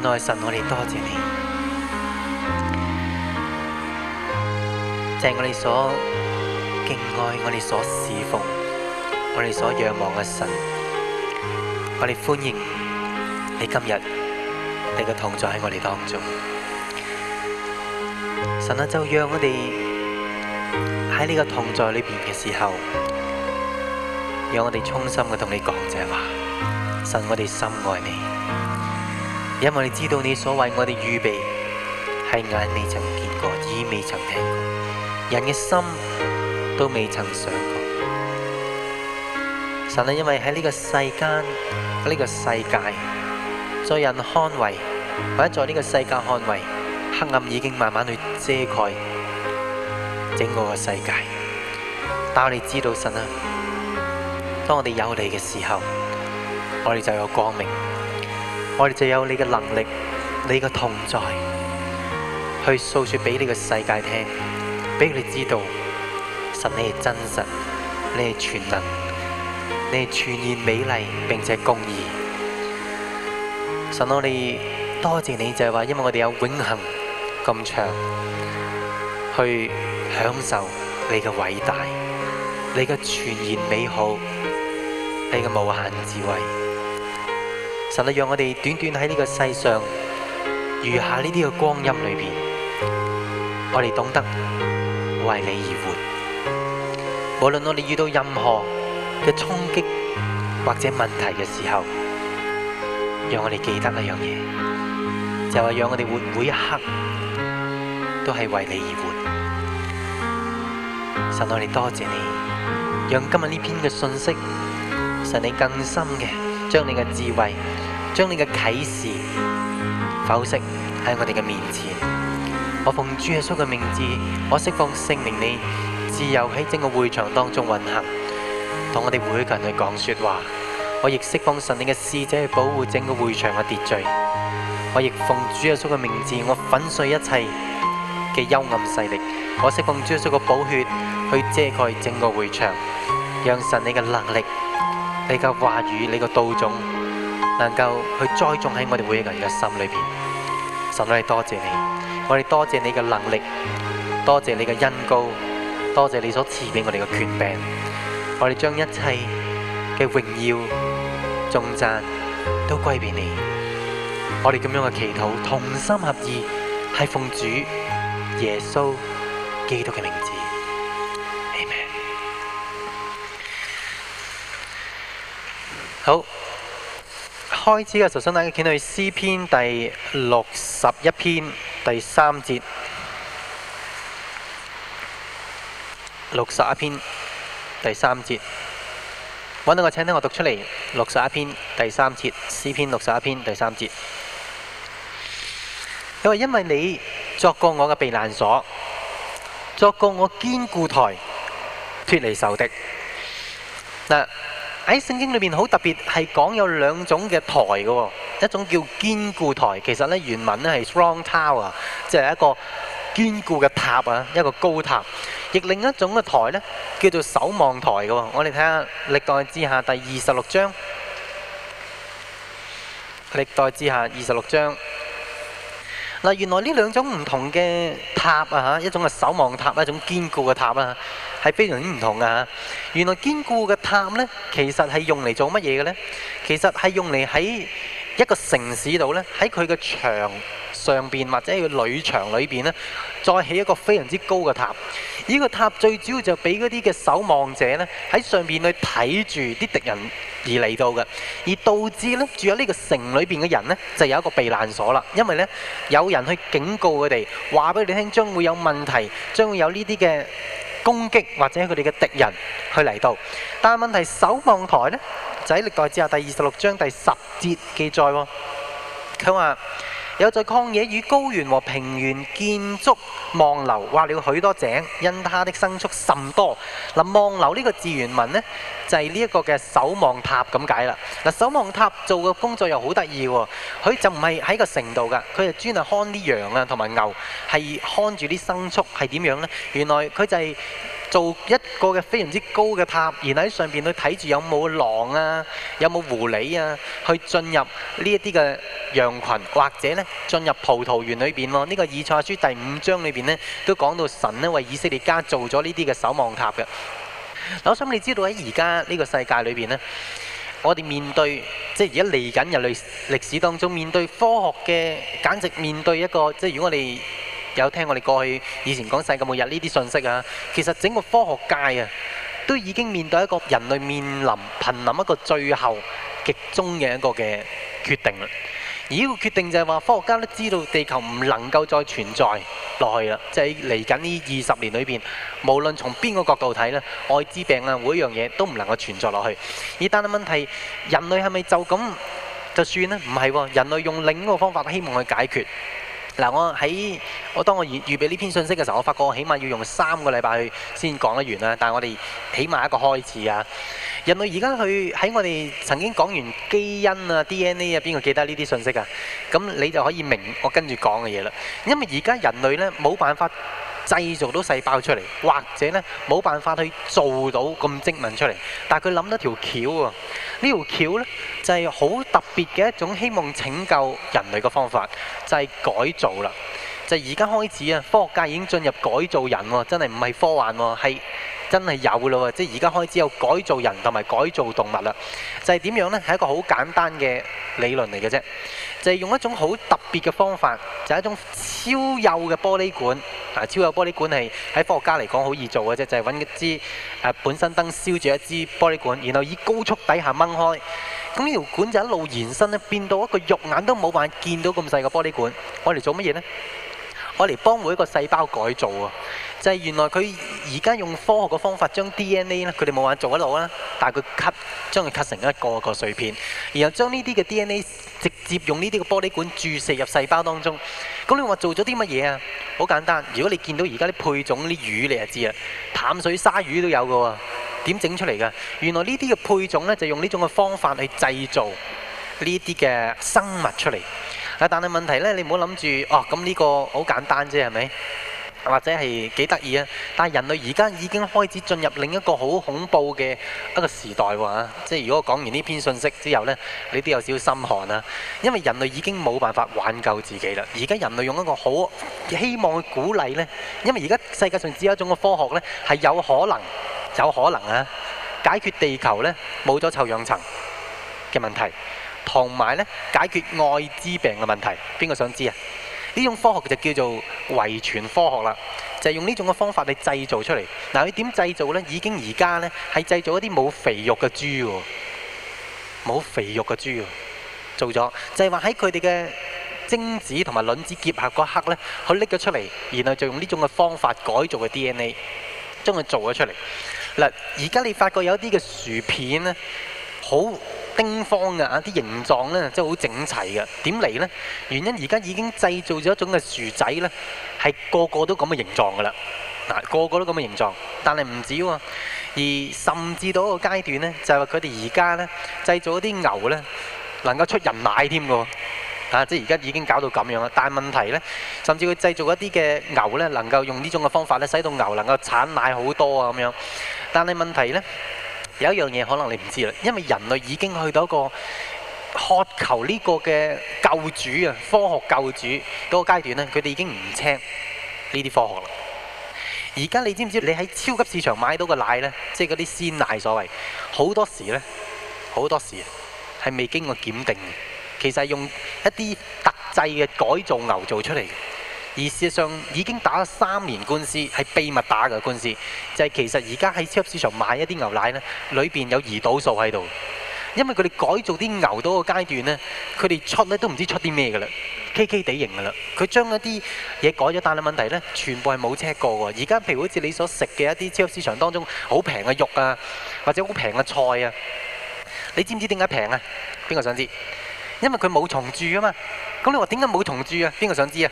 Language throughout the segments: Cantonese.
神愛神，我哋多謝你，謝我哋所敬愛，我哋所侍奉，我哋所仰望嘅神，我哋歡迎你今日你嘅同在喺我哋當中。神就讓我哋喺你嘅同在裏邊嘅時候，讓我哋衷心嘅同你講這話，神，我哋深愛你。因為你知道你所為我哋預備係眼未曾見過，耳未曾聽過，人嘅心都未曾想過。神啊，因為喺呢個世間、呢、這個世界，在人看來，或者在呢個世界看來，黑暗已經慢慢去遮蓋整個世界。但我哋知道神啊，當我哋有你嘅時候，我哋就有光明。我哋就有你嘅能力，你嘅同在，去訴說俾呢個世界聽，俾你知道神你係真實，你係全能，你係全然美麗，並且公義。神我哋多謝你就係話，因為我哋有永恆咁長去享受你嘅偉大，你嘅全然美好，你嘅無限智慧。神啊，讓我哋短短喺呢個世上餘下呢啲嘅光陰裏邊，我哋懂得為你而活。無論我哋遇到任何嘅衝擊或者問題嘅時候，讓我哋記得一樣嘢，就係讓我哋活每一刻都係為你而活。神，我哋多謝你，讓今日呢篇嘅信息，神你更深嘅將你嘅智慧。將你嘅啟示剖析喺我哋嘅面前，我奉主耶穌嘅名字，我釋放聖靈你自由喺整個會場當中運行，同我哋會群去講說話。我亦釋放神你嘅使者去保護整個會場嘅秩序。我亦奉主耶穌嘅名字，我粉碎一切嘅幽暗勢力。我釋放主耶穌嘅寶血去遮蓋整個會場，讓神你嘅能力、你嘅話語、你嘅道種。能夠去栽種喺我哋每一個人嘅心裏邊，神都係多謝你，我哋多謝你嘅能力，多謝你嘅恩膏，多謝你所賜俾我哋嘅權柄，我哋將一切嘅榮耀、頌讚都歸俾你。我哋咁樣嘅祈禱，同心合意，係奉主耶穌基督嘅名字。好。開始嘅時候，首先咧，見到詩篇第六十一篇第三節，六十一篇第三節，揾到我請聽，我讀出嚟。六十一篇第三節，詩篇六十一篇第三節。因為因為你作過我嘅避難所，作過我堅固台，脱離仇敵。嗱。喺聖經裏邊好特別係講有兩種嘅台嘅，一種叫堅固台，其實呢原文呢係 strong tower 即係一個堅固嘅塔啊，一個高塔。亦另一種嘅台呢，叫做守望台嘅。我哋睇下歷代志下第二十六章，歷代志下二十六章。嗱，原來呢兩種唔同嘅塔啊嚇，一種係守望塔，一種堅固嘅塔啦，係非常之唔同嘅嚇。原來堅固嘅塔咧，其實係用嚟做乜嘢嘅咧？其實係用嚟喺一個城市度咧，喺佢嘅牆。上邊或者佢裏牆裏邊呢，再起一個非常之高嘅塔。呢、這個塔最主要就俾嗰啲嘅守望者呢喺上邊去睇住啲敵人而嚟到嘅，而導致呢住喺呢個城裏邊嘅人呢，就有一個避難所啦。因為呢，有人去警告佢哋，話俾佢哋聽將會有問題，將會有呢啲嘅攻擊或者佢哋嘅敵人去嚟到。但係問題守望台呢，就喺歷代志下第二十六章第十節記載喎，佢話。有在曠野與高原和平原建築望樓，挖了許多井，因他的牲畜甚多。嗱，望樓呢個字原文呢，就係呢一個嘅守望塔咁解啦。嗱，守望塔做嘅工作又好得意喎，佢就唔係喺個城度㗎，佢係專係看啲羊啊同埋牛，係看住啲牲畜係點樣呢？原來佢就係、是。做一個嘅非常之高嘅塔，然後喺上邊去睇住有冇狼啊，有冇狐狸啊，去進入呢一啲嘅羊群，或者呢進入葡萄園裏邊。呢、這個以賽亞書第五章裏邊呢都講到神呢為以色列家做咗呢啲嘅守望塔嘅。我想你知道喺而家呢個世界裏邊呢，我哋面對即係而家嚟緊人類歷史當中面對科學嘅，簡直面對一個即係如果我哋。有聽我哋過去以前講世界末日呢啲信息啊，其實整個科學界啊，都已經面對一個人類面臨瀕臨一個最後極終嘅一個嘅決定啦。而呢個決定就係話，科學家都知道地球唔能夠再存在落去啦，即係嚟緊呢二十年裏邊，無論從邊個角度睇呢，艾滋病啊，每樣嘢都唔能夠存在落去。而但係問題，人類係咪就咁就算呢？唔係喎，人類用另一個方法都希望去解決。嗱，我喺我當我預預備呢篇信息嘅時候，我發覺我起碼要用三個禮拜去先講得完啦。但係我哋起碼一個開始啊。人類而家去喺我哋曾經講完基因啊、DNA 啊，邊個記得呢啲信息啊？咁你就可以明我跟住講嘅嘢啦。因為而家人類呢冇辦法，製造到細胞出嚟，或者呢冇辦法去做到咁精民出嚟，但係佢諗到條橋喎。呢條橋呢就係好特別嘅一種希望拯救人類嘅方法，就係改造啦。就而家開始啊，科學家已經進入改造人喎，真係唔係科幻喎，係真係有咯喎，即係而家開始有改造人同埋改造動物啦。就係點樣呢？係一個好簡單嘅理論嚟嘅啫。我哋用一種好特別嘅方法，就係一種超幼嘅玻璃管，超幼玻璃管係喺科學家嚟講好易做嘅啫，就係揾一支、呃、本身燈燒住一支玻璃管，然後以高速底下掹開，咁呢條管就一路延伸咧，變到一個肉眼都冇辦法見到咁細嘅玻璃管，我哋做乜嘢呢？我嚟幫每一個細胞改造啊！就係原來佢而家用科學嘅方法將 DNA 咧，佢哋冇話做得到啊！但係佢 cut，將佢 cut 成一個一個碎片，然後將呢啲嘅 DNA 直接用呢啲嘅玻璃管注射入細胞當中。咁你話做咗啲乜嘢啊？好簡單，如果你見到而家啲配種啲魚，你就知啦。淡水鯊魚都有嘅喎，點整出嚟嘅？原來呢啲嘅配種咧，就用呢種嘅方法去製造呢啲嘅生物出嚟。但係問題咧，你唔好諗住哦，咁呢個好簡單啫，係咪？或者係幾得意啊？但係人類而家已經開始進入另一個好恐怖嘅一個時代喎。即係如果講完呢篇信息之後呢，你都有少少心寒啊！因為人類已經冇辦法挽救自己啦。而家人類用一個好希望去鼓勵呢，因為而家世界上只有一種嘅科學呢，係有可能、有可能啊，解決地球呢冇咗臭氧層嘅問題。同埋咧，解決愛滋病嘅問題，邊個想知啊？呢種科學就叫做遺傳科學啦，就係用呢種嘅方法嚟製造出嚟。嗱，佢點製造呢？已經而家呢，係製造一啲冇肥肉嘅豬喎，冇肥肉嘅豬喎，做咗就係話喺佢哋嘅精子同埋卵子結合嗰刻呢，佢拎咗出嚟，然後就用呢種嘅方法改造嘅 DNA，將佢做咗出嚟。嗱，而家你發覺有一啲嘅薯片呢。好～丁方嘅啊啲形狀呢，真係好整齊嘅。點嚟呢？原因而家已經製造咗一種嘅薯仔呢，係個，個個都咁嘅形狀嘅啦。嗱，個個都咁嘅形狀，但係唔止喎。而甚至到一個階段呢，就係佢哋而家呢製造一啲牛呢，能夠出人奶添嘅喎。即係而家已經搞到咁樣啦。但係問題呢，甚至佢製造一啲嘅牛呢，能夠用呢種嘅方法呢，使到牛能夠產奶好多啊咁樣。但係問題呢。有一樣嘢可能你唔知啦，因為人類已經去到一個渴求呢個嘅救主啊，科學救主嗰個階段咧，佢哋已經唔清呢啲科學啦。而家你知唔知？你喺超級市場買到個奶呢，即係嗰啲鮮奶所謂，好多時呢，好多時係未經過檢定嘅，其實係用一啲特製嘅改造牛做出嚟。而事實上已經打咗三年官司，係秘密打嘅官司，就係其實而家喺超級市場買一啲牛奶呢，裏邊有胰島素喺度，因為佢哋改造啲牛到嘅階段呢，佢哋出呢，都唔知出啲咩嘅啦，黐黐地型嘅啦，佢將一啲嘢改咗，但係問題呢全部係冇 check 過喎。而家譬如好似你所食嘅一啲超級市場當中好平嘅肉啊，或者好平嘅菜啊，你知唔知點解平啊？邊個想知？因為佢冇蟲蛀啊嘛。咁你話點解冇蟲蛀啊？邊個想知啊？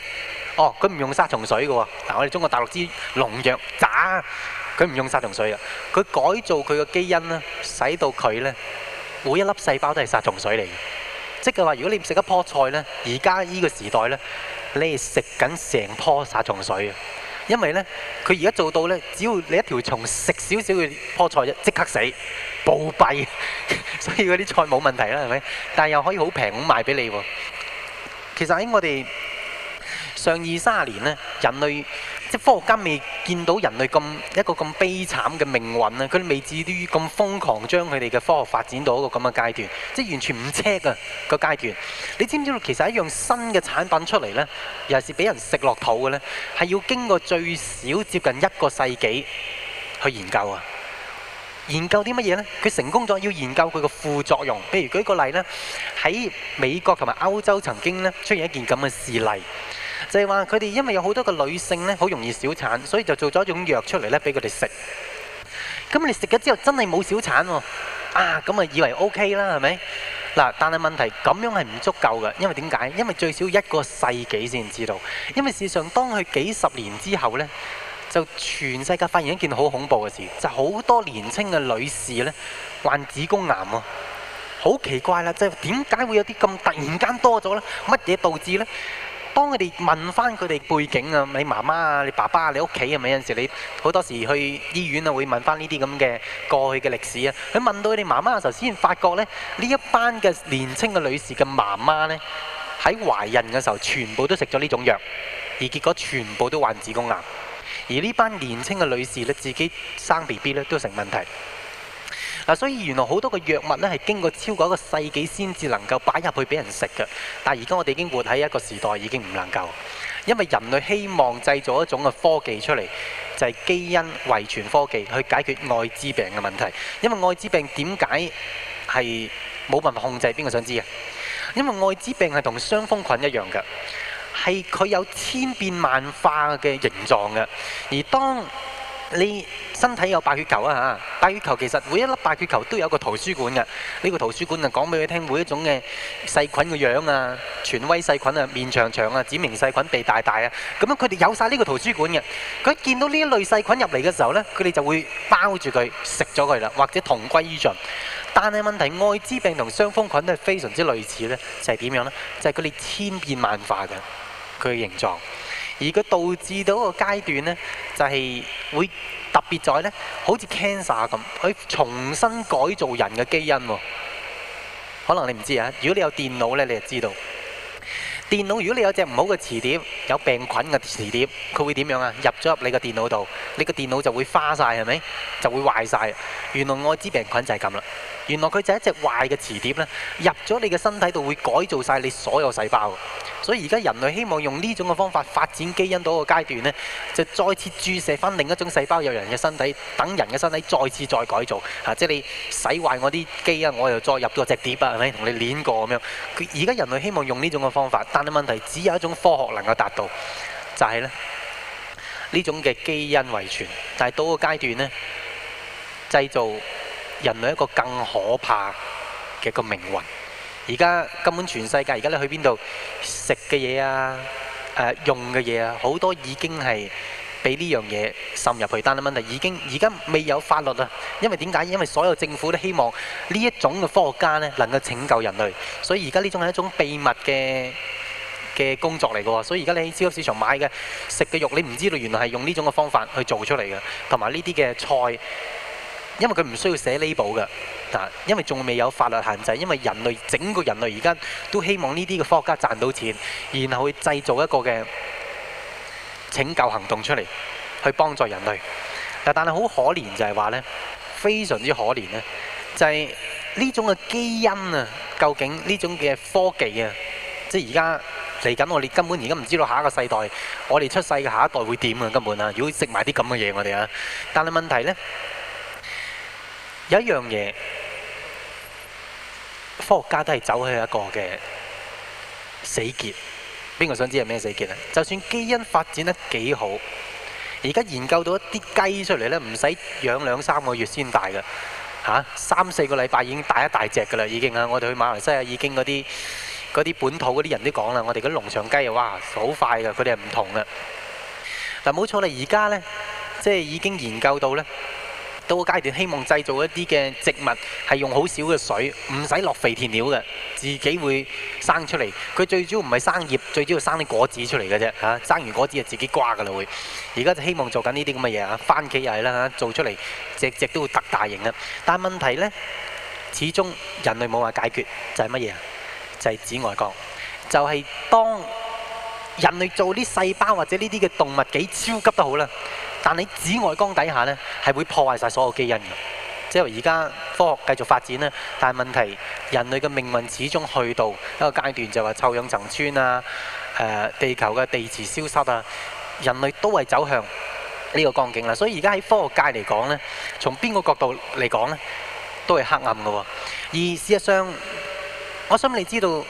哦，佢唔用殺蟲水嘅喎，嗱，我哋中國大陸之農藥渣，佢唔用殺蟲水啊！佢改造佢個基因咧，使到佢咧每一粒細胞都係殺蟲水嚟嘅。即係話，如果你唔食一樖菜咧，而家依個時代咧，你係食緊成樖殺蟲水啊！因為咧，佢而家做到咧，只要你一條蟲食少少嘅樖菜啫，即刻死，暴斃。所以嗰啲菜冇問題啦，係咪？但係又可以好平咁賣俾你喎。其實喺我哋，上二三十年呢，人類即係科學家未見到人類咁一個咁悲慘嘅命運啊！佢哋未至於咁瘋狂將佢哋嘅科學發展到一個咁嘅階段，即係完全唔 cheap 啊個階段。你知唔知道其實一樣新嘅產品出嚟呢，又係俾人食落肚嘅呢，係要經過最少接近一個世紀去研究啊！研究啲乜嘢呢？佢成功咗要研究佢嘅副作用。譬如舉個例咧，喺美國同埋歐洲曾經呢，出現一件咁嘅事例。就係話佢哋因為有好多個女性咧，好容易小產，所以就做咗一種藥出嚟咧，俾佢哋食。咁你食咗之後真係冇小產喎、啊啊，啊咁啊以為 OK 啦，係咪？嗱，但係問題咁樣係唔足夠嘅，因為點解？因為最少一個世紀先知道。因為事實上，當佢幾十年之後呢，就全世界發現一件好恐怖嘅事，就好多年青嘅女士呢，患子宮癌喎，好奇怪啦、啊！即係點解會有啲咁突然間多咗呢？乜嘢導致呢？當佢哋問翻佢哋背景啊，你媽媽啊，你爸爸啊，你屋企啊，咪有陣時你好多時去醫院啊，會問翻呢啲咁嘅過去嘅歷史啊。佢問到佢哋媽媽嘅時候，先發覺呢，呢一班嘅年青嘅女士嘅媽媽呢，喺懷孕嘅時候全部都食咗呢種藥，而結果全部都患子宮癌，而呢班年青嘅女士呢，自己生 B B 呢，都成問題。嗱，所以原來好多個藥物咧係經過超過一個世紀先至能夠擺入去俾人食嘅，但係而家我哋已經活喺一個時代已經唔能夠，因為人類希望製造一種嘅科技出嚟，就係基因遺傳科技去解決愛滋病嘅問題。因為愛滋病點解係冇辦法控制？邊個想知啊？因為愛滋病係同傷風菌一樣嘅，係佢有千變萬化嘅形狀嘅，而當.你身體有白血球啊嚇，白血球其實每一粒白血球都有個圖書館嘅，呢、這個圖書館啊講俾佢聽每一種嘅細菌嘅樣啊，全威細菌啊，面長長啊，指明細菌，鼻大大啊，咁樣佢哋有晒呢個圖書館嘅，佢一見到呢一類細菌入嚟嘅時候呢，佢哋就會包住佢，食咗佢啦，或者同歸於盡。但係問題，愛滋病同雙風菌都係非常之類似呢，就係、是、點樣呢？就係佢哋千變萬化嘅佢嘅形狀。而佢導致到個階段呢，就係、是、會特別在呢，好似 cancer 咁，佢重新改造人嘅基因喎。可能你唔知啊，如果你有電腦呢，你就知道。電腦如果你有隻唔好嘅磁碟，有病菌嘅磁碟，佢會點樣啊？入咗入你嘅電腦度，你個電腦就會花晒，係咪？就會壞晒。原來愛滋病菌就係咁啦。原來佢就係一隻壞嘅磁碟咧，入咗你嘅身體度會改造晒你所有細胞。所以而家人類希望用呢種嘅方法發展基因到一個階段咧，就再次注射翻另一種細胞入人嘅身體，等人嘅身體再次再改造。嚇、啊，即係你洗壞我啲基因，我又再入多隻碟啊，係咪同你攣過咁樣？而家人類希望用呢種嘅方法，但係問題只有一種科學能夠達到，就係、係、咧呢這種嘅基因遺傳。但係到個階段呢，製造。人類一個更可怕嘅一個命運，而家根本全世界，而家你去邊度食嘅嘢啊，誒用嘅嘢啊，好多已經係俾呢樣嘢滲入去。單一問題已經而家未有法律啊，因為點解？因為所有政府都希望呢一種嘅科學家呢能夠拯救人類，所以而家呢種係一種秘密嘅嘅工作嚟嘅喎。所以而家你喺超級市場買嘅食嘅肉，你唔知道原來係用呢種嘅方法去做出嚟嘅，同埋呢啲嘅菜。因為佢唔需要寫呢部嘅，啊，因為仲未有法律限制。因為人類整個人類而家都希望呢啲嘅科學家賺到錢，然後去製造一個嘅拯救行動出嚟，去幫助人類。但係好可憐就係話呢，非常之可憐呢就係呢種嘅基因啊，究竟呢種嘅科技啊，即係而家嚟緊我哋根本而家唔知道下一個世代，我哋出世嘅下一代會點啊？根本啊！如果食埋啲咁嘅嘢，我哋啊，但係問題呢。有一樣嘢，科學家都係走去一個嘅死結。邊個想知係咩死結咧？就算基因發展得幾好，而家研究到一啲雞出嚟咧，唔使養兩三個月先大嘅嚇、啊，三四個禮拜已經大一大隻嘅啦，已經啊！我哋去馬來西亞已經嗰啲嗰啲本土嗰啲人都講啦，我哋嗰啲農場雞啊，哇，好快嘅，佢哋係唔同嘅。但冇錯啦，而家咧即係已經研究到咧。到個階段，希望製造一啲嘅植物係用好少嘅水，唔使落肥田料嘅，自己會生出嚟。佢最主要唔係生葉，最主要生啲果子出嚟嘅啫嚇。生完果子就自己瓜㗎喇會。而家就希望做緊呢啲咁嘅嘢嚇，番茄又係啦嚇，做出嚟隻隻都會特大型嘅。但係問題呢，始終人類冇話解決就係乜嘢啊？就係紫外光，就係當人類做啲細胞或者呢啲嘅動物幾超級都好啦。但你紫外光底下呢，係會破壞晒所有基因嘅。即係而家科學繼續發展咧，但係問題是人類嘅命運始終去到一個階段，就話、是、臭氧層穿啊，誒地球嘅地磁消失啊，人類都係走向呢個光景啦。所以而家喺科學界嚟講呢，從邊個角度嚟講呢，都係黑暗嘅喎。而事實上，我想你知道呢、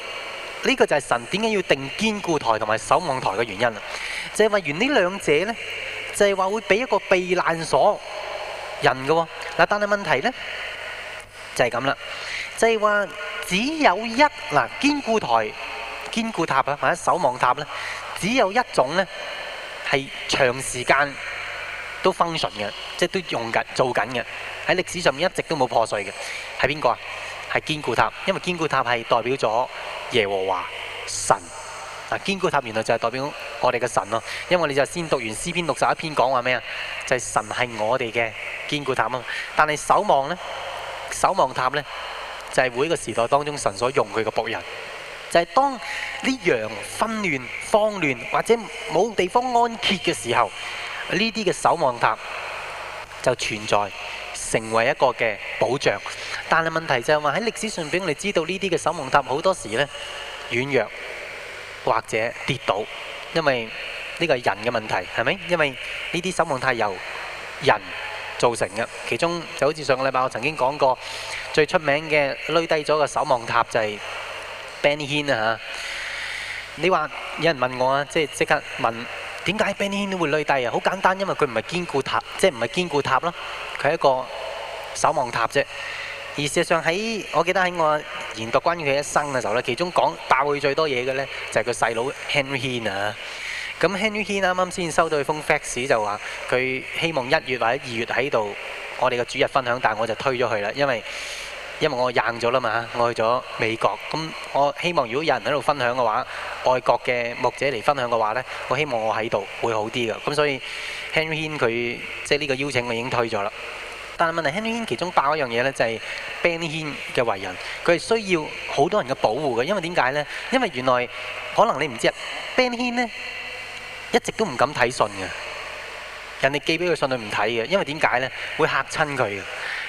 這個就係神點解要定堅固台同埋守望台嘅原因啊，就係、是、為完呢兩者呢。就係話會俾一個避難所人嘅喎，嗱，但係問題呢，就係咁啦，就係、是、話只有一嗱堅固台、堅固塔啊，或者守望塔呢，只有一種呢，係長時間都 function 嘅，即、就、係、是、都用緊、做緊嘅，喺歷史上面一直都冇破碎嘅，係邊個啊？係堅固塔，因為堅固塔係代表咗耶和華神。啊，堅固塔原來就係代表我哋嘅神咯，因為你就先讀完詩篇六十一篇講話咩啊？就係神係我哋嘅堅固塔咯。但係守望呢，守望塔呢，就係每一個時代當中神所用佢嘅僕人就是，就係當呢羊紛亂、慌亂或者冇地方安歇嘅時候，呢啲嘅守望塔就存在，成為一個嘅保障。但係問題就係話喺歷史上面，我哋知道呢啲嘅守望塔好多時呢軟弱。或者跌倒，因為呢個係人嘅問題係咪？因為呢啲守望塔由人造成嘅，其中就好似上個禮拜我曾經講過，最出名嘅墜低咗個守望塔就係 Benny Hinn 啊嚇！你話有人問我啊，即係即刻問點解 Benny Hinn 都會墜低啊？好簡單，因為佢唔係堅固塔，即係唔係堅固塔囉，佢係一個守望塔啫。而事實上喺我記得喺我研讀關於佢一生嘅時候咧，其中講爆佢最多嘢嘅咧，就係佢細佬 Henry Hin 啊。咁 Henry Hin 啱啱先收到一封 fax 就話佢希望一月或者二月喺度我哋嘅主日分享，但係我就推咗佢啦，因為因為我硬咗啦嘛，我去咗美國。咁我希望如果有人喺度分享嘅話，外國嘅牧者嚟分享嘅話咧，我希望我喺度會好啲嘅。咁所以 Henry Hin 佢即係呢個邀請我已經推咗啦。但係問題，Henry 牽其中爆一樣嘢咧，就係 Ben 牽嘅為人，佢係需要好多人嘅保護嘅。因為點解咧？因為原來可能你唔知，Ben 牽咧一直都唔敢睇信嘅。人哋寄俾佢信，佢唔睇嘅，因為點解咧？會嚇親佢嘅，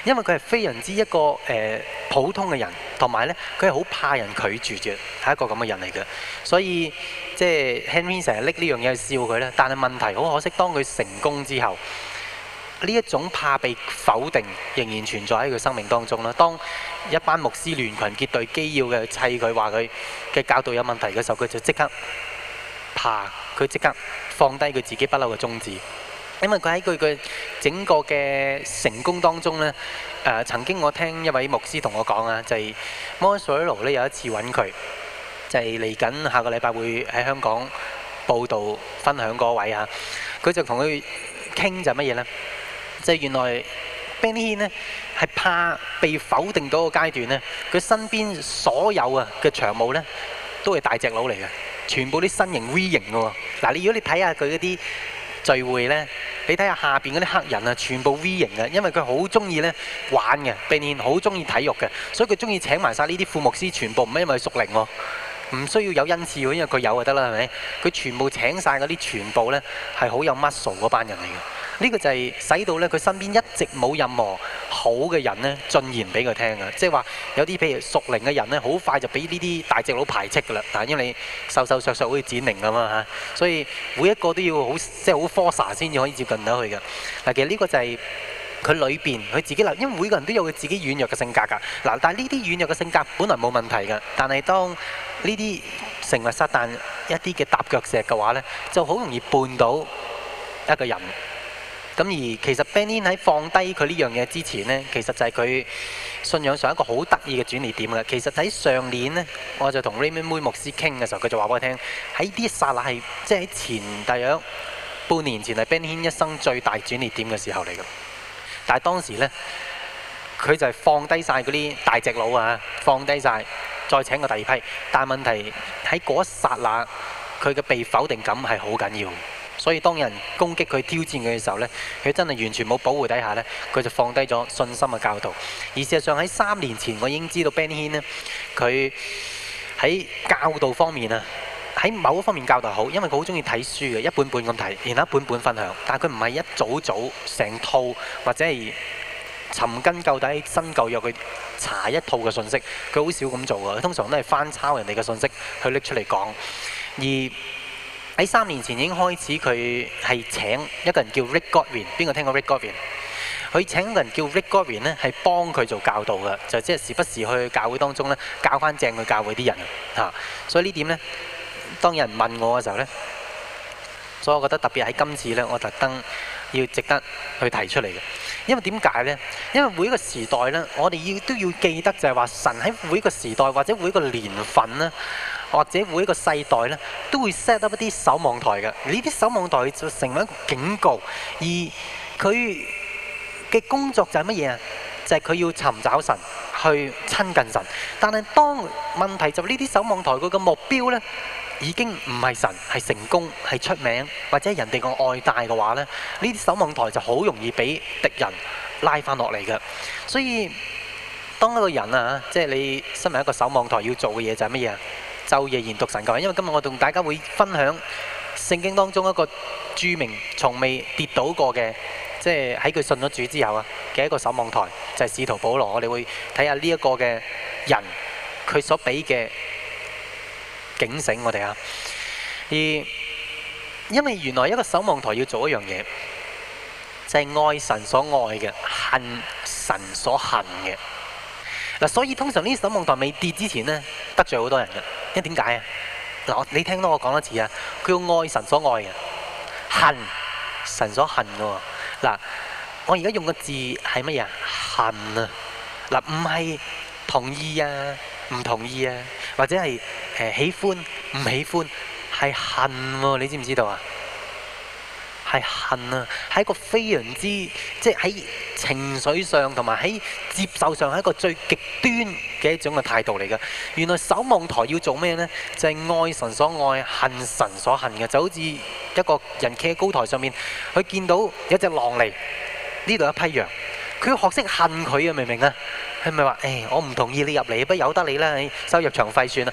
因為佢係非常之一個誒、呃、普通嘅人，同埋咧佢係好怕人拒絕嘅，係一個咁嘅人嚟嘅。所以即係、就是、Henry 成日拎呢樣嘢去笑佢咧。但係問題好可惜，當佢成功之後。呢一種怕被否定仍然存在喺佢生命當中啦。當一班牧師聯群結隊、機要嘅砌佢、話佢嘅教導有問題嘅時候，佢就即刻怕，佢即刻放低佢自己不嬲嘅宗旨，因為佢喺佢嘅整個嘅成功當中咧。誒、呃，曾經我聽一位牧師同我講啊，就係 Moishe 羅，呢有一次揾佢，就係嚟緊下個禮拜會喺香港報道分享嗰位嚇，佢就同佢傾就乜嘢呢？就係原來，Benny Hinn 咧係怕被否定到個階段呢，佢身邊所有啊嘅場務呢，都係大隻佬嚟嘅，全部啲身型 V 型嘅喎。嗱，你如果你睇下佢嗰啲聚會呢，你睇下下邊嗰啲黑人啊，全部 V 型嘅，因為佢好中意呢玩嘅，Benny Hinn 好中意體育嘅，所以佢中意請埋晒呢啲副牧師，全部唔係因為屬靈喎，唔需要有恩賜喎，因為佢有就得啦，係咪？佢全部請晒嗰啲，全部呢係好有 muscle 嗰班人嚟嘅。呢個就係使到咧，佢身邊一直冇任何好嘅人咧，進言俾佢聽嘅，即係話有啲譬如熟齡嘅人咧，好快就俾呢啲大隻佬排斥㗎喇，但係，因為你瘦瘦削削好似展齡啊嘛嚇，所以每一個都要好即係好 force 先至可以接近到佢嘅。嗱，其實呢個就係佢裏邊佢自己留，因為每個人都有佢自己軟弱嘅性格㗎。嗱，但係呢啲軟弱嘅性格本來冇問題㗎，但係當呢啲成為撒旦一啲嘅踏腳石嘅話咧，就好容易絆到一個人。咁而其實 Benign 喺放低佢呢樣嘢之前呢，其實就係佢信仰上一個好得意嘅轉捩點啦。其實喺上年呢，我就同 Raymond 梅牧師傾嘅時候，佢就話俾我聽，喺啲剎那係即係喺前大約半年前係 Benign 一生最大轉捩點嘅時候嚟嘅。但係當時呢，佢就係放低晒嗰啲大隻佬啊，放低晒，再請個第二批。但係問題喺嗰一剎那，佢嘅被否定感係好緊要。所以當有人攻擊佢、挑戰佢嘅時候呢，佢真係完全冇保護底下呢，佢就放低咗信心嘅教導。而事實上喺三年前，我已經知道 Ben Hian 咧，佢喺教導方面啊，喺某一方面教導好，因為佢好中意睇書嘅，一本本咁睇，然後一本本分享。但係佢唔係一早早成套或者係尋根究底、新舊約去查一套嘅信息，佢好少咁做嘅。通常都係翻抄人哋嘅信息去拎出嚟講，而。喺三年前已經開始，佢係請一個人叫 Rick Godwin。邊個聽過 Rick Godwin？佢請嗰個人叫 Rick Godwin 係幫佢做教導嘅，就即、是、係時不時去教會當中咧教翻正佢教會啲人、啊、所以呢點呢，當有人問我嘅時候呢，所以我覺得特別喺今次呢，我特登要值得去提出嚟嘅。因為點解呢？因為每個個時代呢，我哋要都要記得就係話神喺每個個時代或者每個個年份呢。或者每一個世代咧，都會 set up 一啲守望台嘅。呢啲守望台就成為一個警告，而佢嘅工作就係乜嘢啊？就係佢要尋找神，去親近神。但係當問題就呢啲守望台佢嘅目標咧，已經唔係神，係成功，係出名，或者人哋嘅愛戴嘅話咧，呢啲守望台就好容易俾敵人拉翻落嚟嘅。所以當一個人啊，即係你身為一個守望台要做嘅嘢就係乜嘢啊？晝夜研讀神教，因為今日我同大家會分享聖經當中一個著名、從未跌倒過嘅，即係喺佢信咗主之後啊嘅一個守望台，就係使徒保羅。我哋會睇下呢一個嘅人，佢所俾嘅警醒我哋啊。而因為原來一個守望台要做一樣嘢，就係、是、愛神所愛嘅，恨神所恨嘅。嗱，所以通常呢首望台未跌之前咧，得罪好多人嘅，因點解啊？嗱，你聽到我講多次啊，佢要愛神所愛嘅，恨神所恨嘅。嗱，我而家用個字係乜嘢？恨啊！嗱，唔係同意啊，唔同意啊，或者係誒喜歡唔喜歡，係恨喎，你知唔知道啊？係恨啊！係一個非常之即係喺情緒上同埋喺接受上係一個最極端嘅一種嘅態度嚟嘅。原來守望台要做咩呢？就係、是、愛神所愛，恨神所恨嘅。就好似一個人企喺高台上面，佢見到有隻狼嚟，呢度一批羊，佢要學識恨佢啊！明唔明啊？係咪話：誒、欸，我唔同意你入嚟，不由得你啦，你收入場費算啊！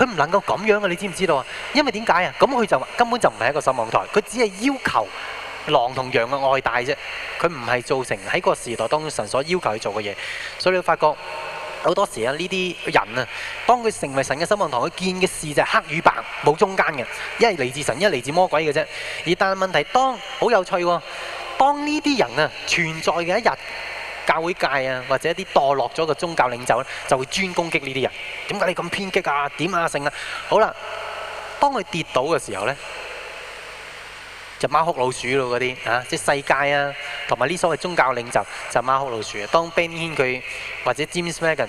佢唔能夠咁樣啊，你知唔知道啊？因為點解啊？咁佢就根本就唔係一個守望台，佢只係要求狼同羊嘅愛戴啫。佢唔係做成喺個時代當中神所要求佢做嘅嘢。所以你會發覺好多時啊，呢啲人啊，當佢成為神嘅守望台，佢見嘅事就係黑與白，冇中間嘅，一係嚟自神，一係嚟自魔鬼嘅啫。而但係問題，當好有趣喎，當呢啲人啊存在嘅一日。教會界啊，或者一啲墮落咗嘅宗教領袖咧，就會專攻擊呢啲人。點解你咁偏激啊？點啊，聖啊！好啦，當佢跌倒嘅時候咧，就貓哭老鼠咯，嗰啲啊，即係世界啊，同埋呢所謂宗教領袖就貓哭老鼠。當 Benny Hinn 佢或者 James Magan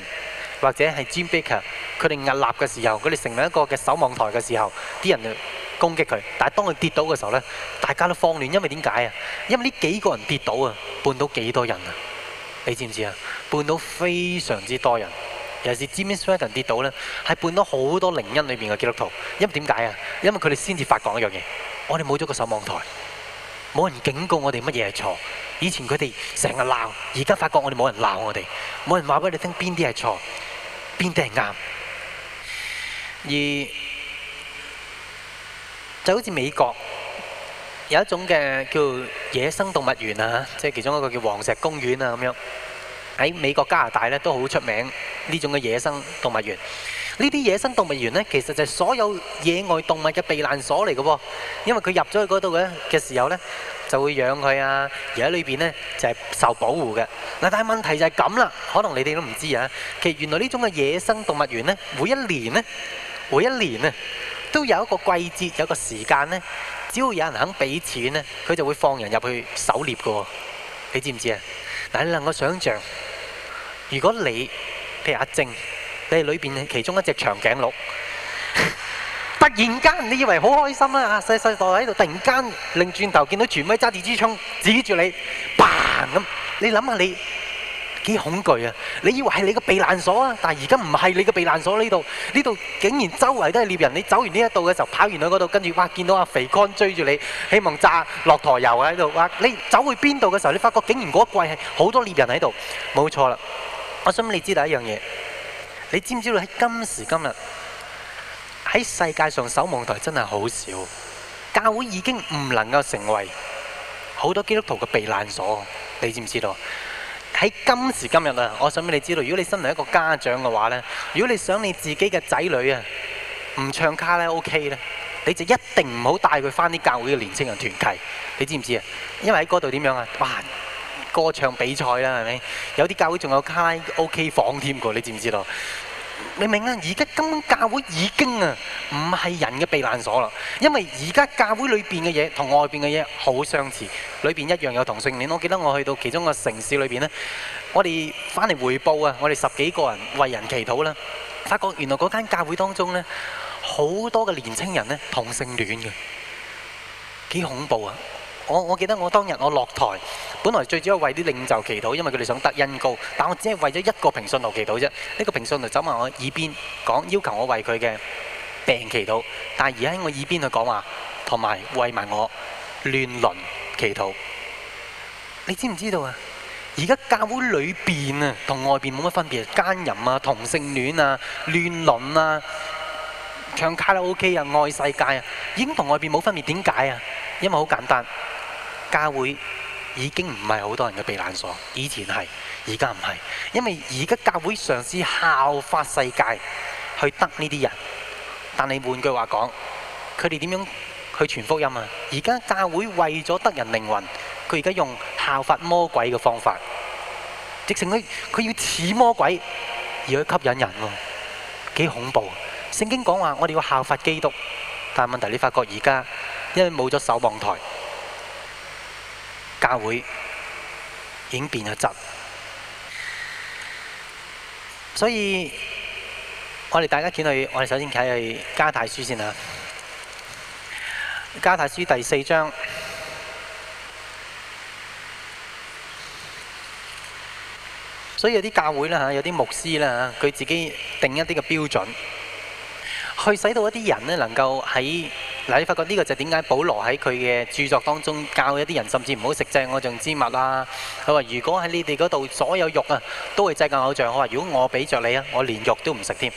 或者係 Jim Baker，佢哋屹立嘅時候，佢哋成為一個嘅守望台嘅時候，啲人就攻擊佢。但係當佢跌倒嘅時候咧，大家都慌亂，因為點解啊？因為呢幾個人跌倒啊，絆到幾多人啊？你知唔知啊？絆倒非常之多人，尤其是 Jimmy Swaggart 跌倒咧，係絆倒好多靈恩裏邊嘅基督徒。因為點解啊？因為佢哋先至發講一樣嘢，我哋冇咗個守望台，冇人警告我哋乜嘢係錯。以前佢哋成日鬧，而家發覺我哋冇人鬧我哋，冇人話俾你聽邊啲係錯，邊啲係啱。而就好似美國。有一種嘅叫野生動物園啊，即係其中一個叫黃石公園啊，咁樣喺美國加拿大呢都好出名呢種嘅野生動物園。呢啲野生動物園呢，其實就係所有野外動物嘅避難所嚟嘅喎。因為佢入咗去嗰度嘅嘅時候呢，就會養佢啊，而喺裏邊呢就係受保護嘅。嗱，但係問題就係咁啦，可能你哋都唔知啊。其實原來呢種嘅野生動物園呢，每一年呢，每一年呢，都有一個季節，有一個時間呢。只要有人肯俾錢咧，佢就會放人入去狩獵噶，你知唔知啊？但係，你能夠想象，如果你，譬如阿靜，你係裏邊其中一隻長頸鹿，突然間，你以為好開心啦，細細袋喺度，突然間擰轉頭見到全米揸住支槍指住你嘭 a 咁，你諗下你。啲恐懼啊！你以為係你個避難所啊？但係而家唔係你個避難所呢度，呢度竟然周圍都係獵人。你走完呢一度嘅時候，跑完去嗰度，跟住哇見到阿肥康追住你，希望炸落台油啊喺度。哇！你走去邊度嘅時候，你發覺竟然嗰一季係好多獵人喺度。冇錯啦，我想你知道一樣嘢，你知唔知道喺今時今日喺世界上守望台真係好少，教會已經唔能夠成為好多基督徒嘅避難所。你知唔知道？喺今時今日啊，我想俾你知道，如果你身為一個家長嘅話呢，如果你想你自己嘅仔女啊唔唱卡拉 OK 呢，你就一定唔好帶佢翻啲教會嘅年輕人團契，你知唔知啊？因為喺嗰度點樣啊？哇，歌唱比賽啦，係咪？有啲教會仲有卡拉 OK 房添過，你知唔知道？你明啊？而家根本教會已經啊，唔係人嘅避難所啦。因為而家教會裏邊嘅嘢同外邊嘅嘢好相似，裏邊一樣有同性戀。我記得我去到其中個城市裏邊呢，我哋翻嚟回報啊，我哋十幾個人為人祈禱啦，發覺原來嗰間教會當中呢，好多嘅年青人呢，同性戀嘅，幾恐怖啊！我我記得我當日我落台，本來最主要為啲領袖祈禱，因為佢哋想得恩膏，但我只係為咗一個平信徒祈禱啫。呢個平信徒走埋我耳邊講，要求我為佢嘅病祈禱，但而家喺我耳邊去講話，同埋為埋我亂倫祈禱。你知唔知道啊？而家教會裏邊啊，同外邊冇乜分別，奸淫啊，同性戀啊，亂倫啊，唱卡拉 OK 啊，愛世界啊，已經同外邊冇分別，點解啊？因為好簡單，教會已經唔係好多人嘅避難所，以前係，而家唔係。因為而家教會嘗試效法世界去得呢啲人，但你換句話講，佢哋點樣去傳福音啊？而家教會為咗得人靈魂，佢而家用效法魔鬼嘅方法，直情佢佢要似魔鬼而去吸引人喎，幾恐怖！聖經講話我哋要效法基督，但問題你發覺而家。因為冇咗守望台，教會已經變咗質，所以我哋大家睇去，我哋首先睇去加太書先啦。加太書第四章，所以有啲教會啦吓，有啲牧師啦吓，佢自己定一啲嘅標準。去使到一啲人呢，能夠喺嗱，你發覺呢個就點解保羅喺佢嘅著作當中教一啲人，甚至唔好食祭偶像之物啦。佢話如果喺你哋嗰度所有肉啊，都會製造偶像。我話如果我俾着你啊，我連肉都唔食添。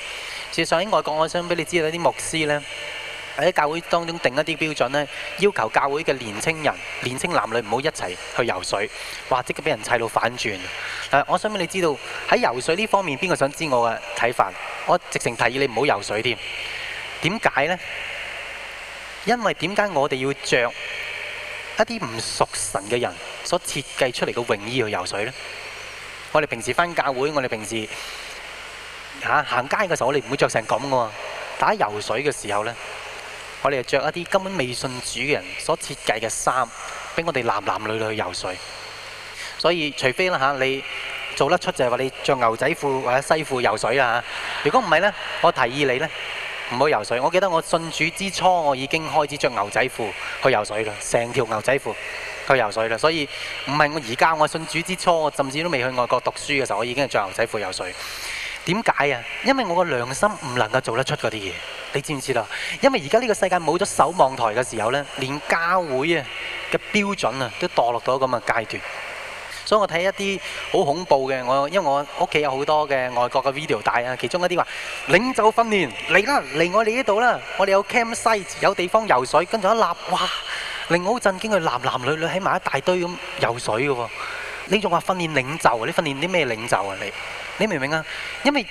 事實上喺外國，我想俾你知道一啲牧師呢。喺教會當中定一啲標準呢，要求教會嘅年青人、年青男女唔好一齊去游水，哇！即刻俾人砌到反轉。但、啊、我想俾你知道喺游水呢方面，邊個想知道我嘅睇法？我直情提議你唔好游水添。點解呢？因為點解我哋要着一啲唔熟神嘅人所設計出嚟嘅泳衣去游水呢？我哋平時翻教會，我哋平時嚇、啊、行街嘅時候，我哋唔會着成咁嘅喎。但游水嘅時候呢。我哋着一啲根本未信主嘅人所設計嘅衫，俾我哋男男女女去游水。所以除非啦嚇，你做得出就係話你着牛仔褲或者西褲游水啦嚇。如果唔係呢，我提議你呢，唔好游水。我記得我信主之初，我已經開始着牛仔褲去游水啦，成條牛仔褲去游水啦。所以唔係我而家我信主之初，我甚至都未去外國讀書嘅時候，我已經係着牛仔褲游水。點解啊？因為我個良心唔能夠做得出嗰啲嘢，你知唔知啦？因為而家呢個世界冇咗守望台嘅時候咧，連教會啊嘅標準啊都墮落到咁嘅階段。所以我睇一啲好恐怖嘅，我因為我屋企有好多嘅外國嘅 video 帶啊，其中一啲話領袖訓練嚟啦嚟我哋呢度啦，我哋有 campsite 有地方游水，跟住一立哇令我好震驚，佢男男女女喺埋一大堆咁游水嘅喎。你仲話訓練領袖啊？你訓練啲咩領袖啊？你？你明唔明啊？因為，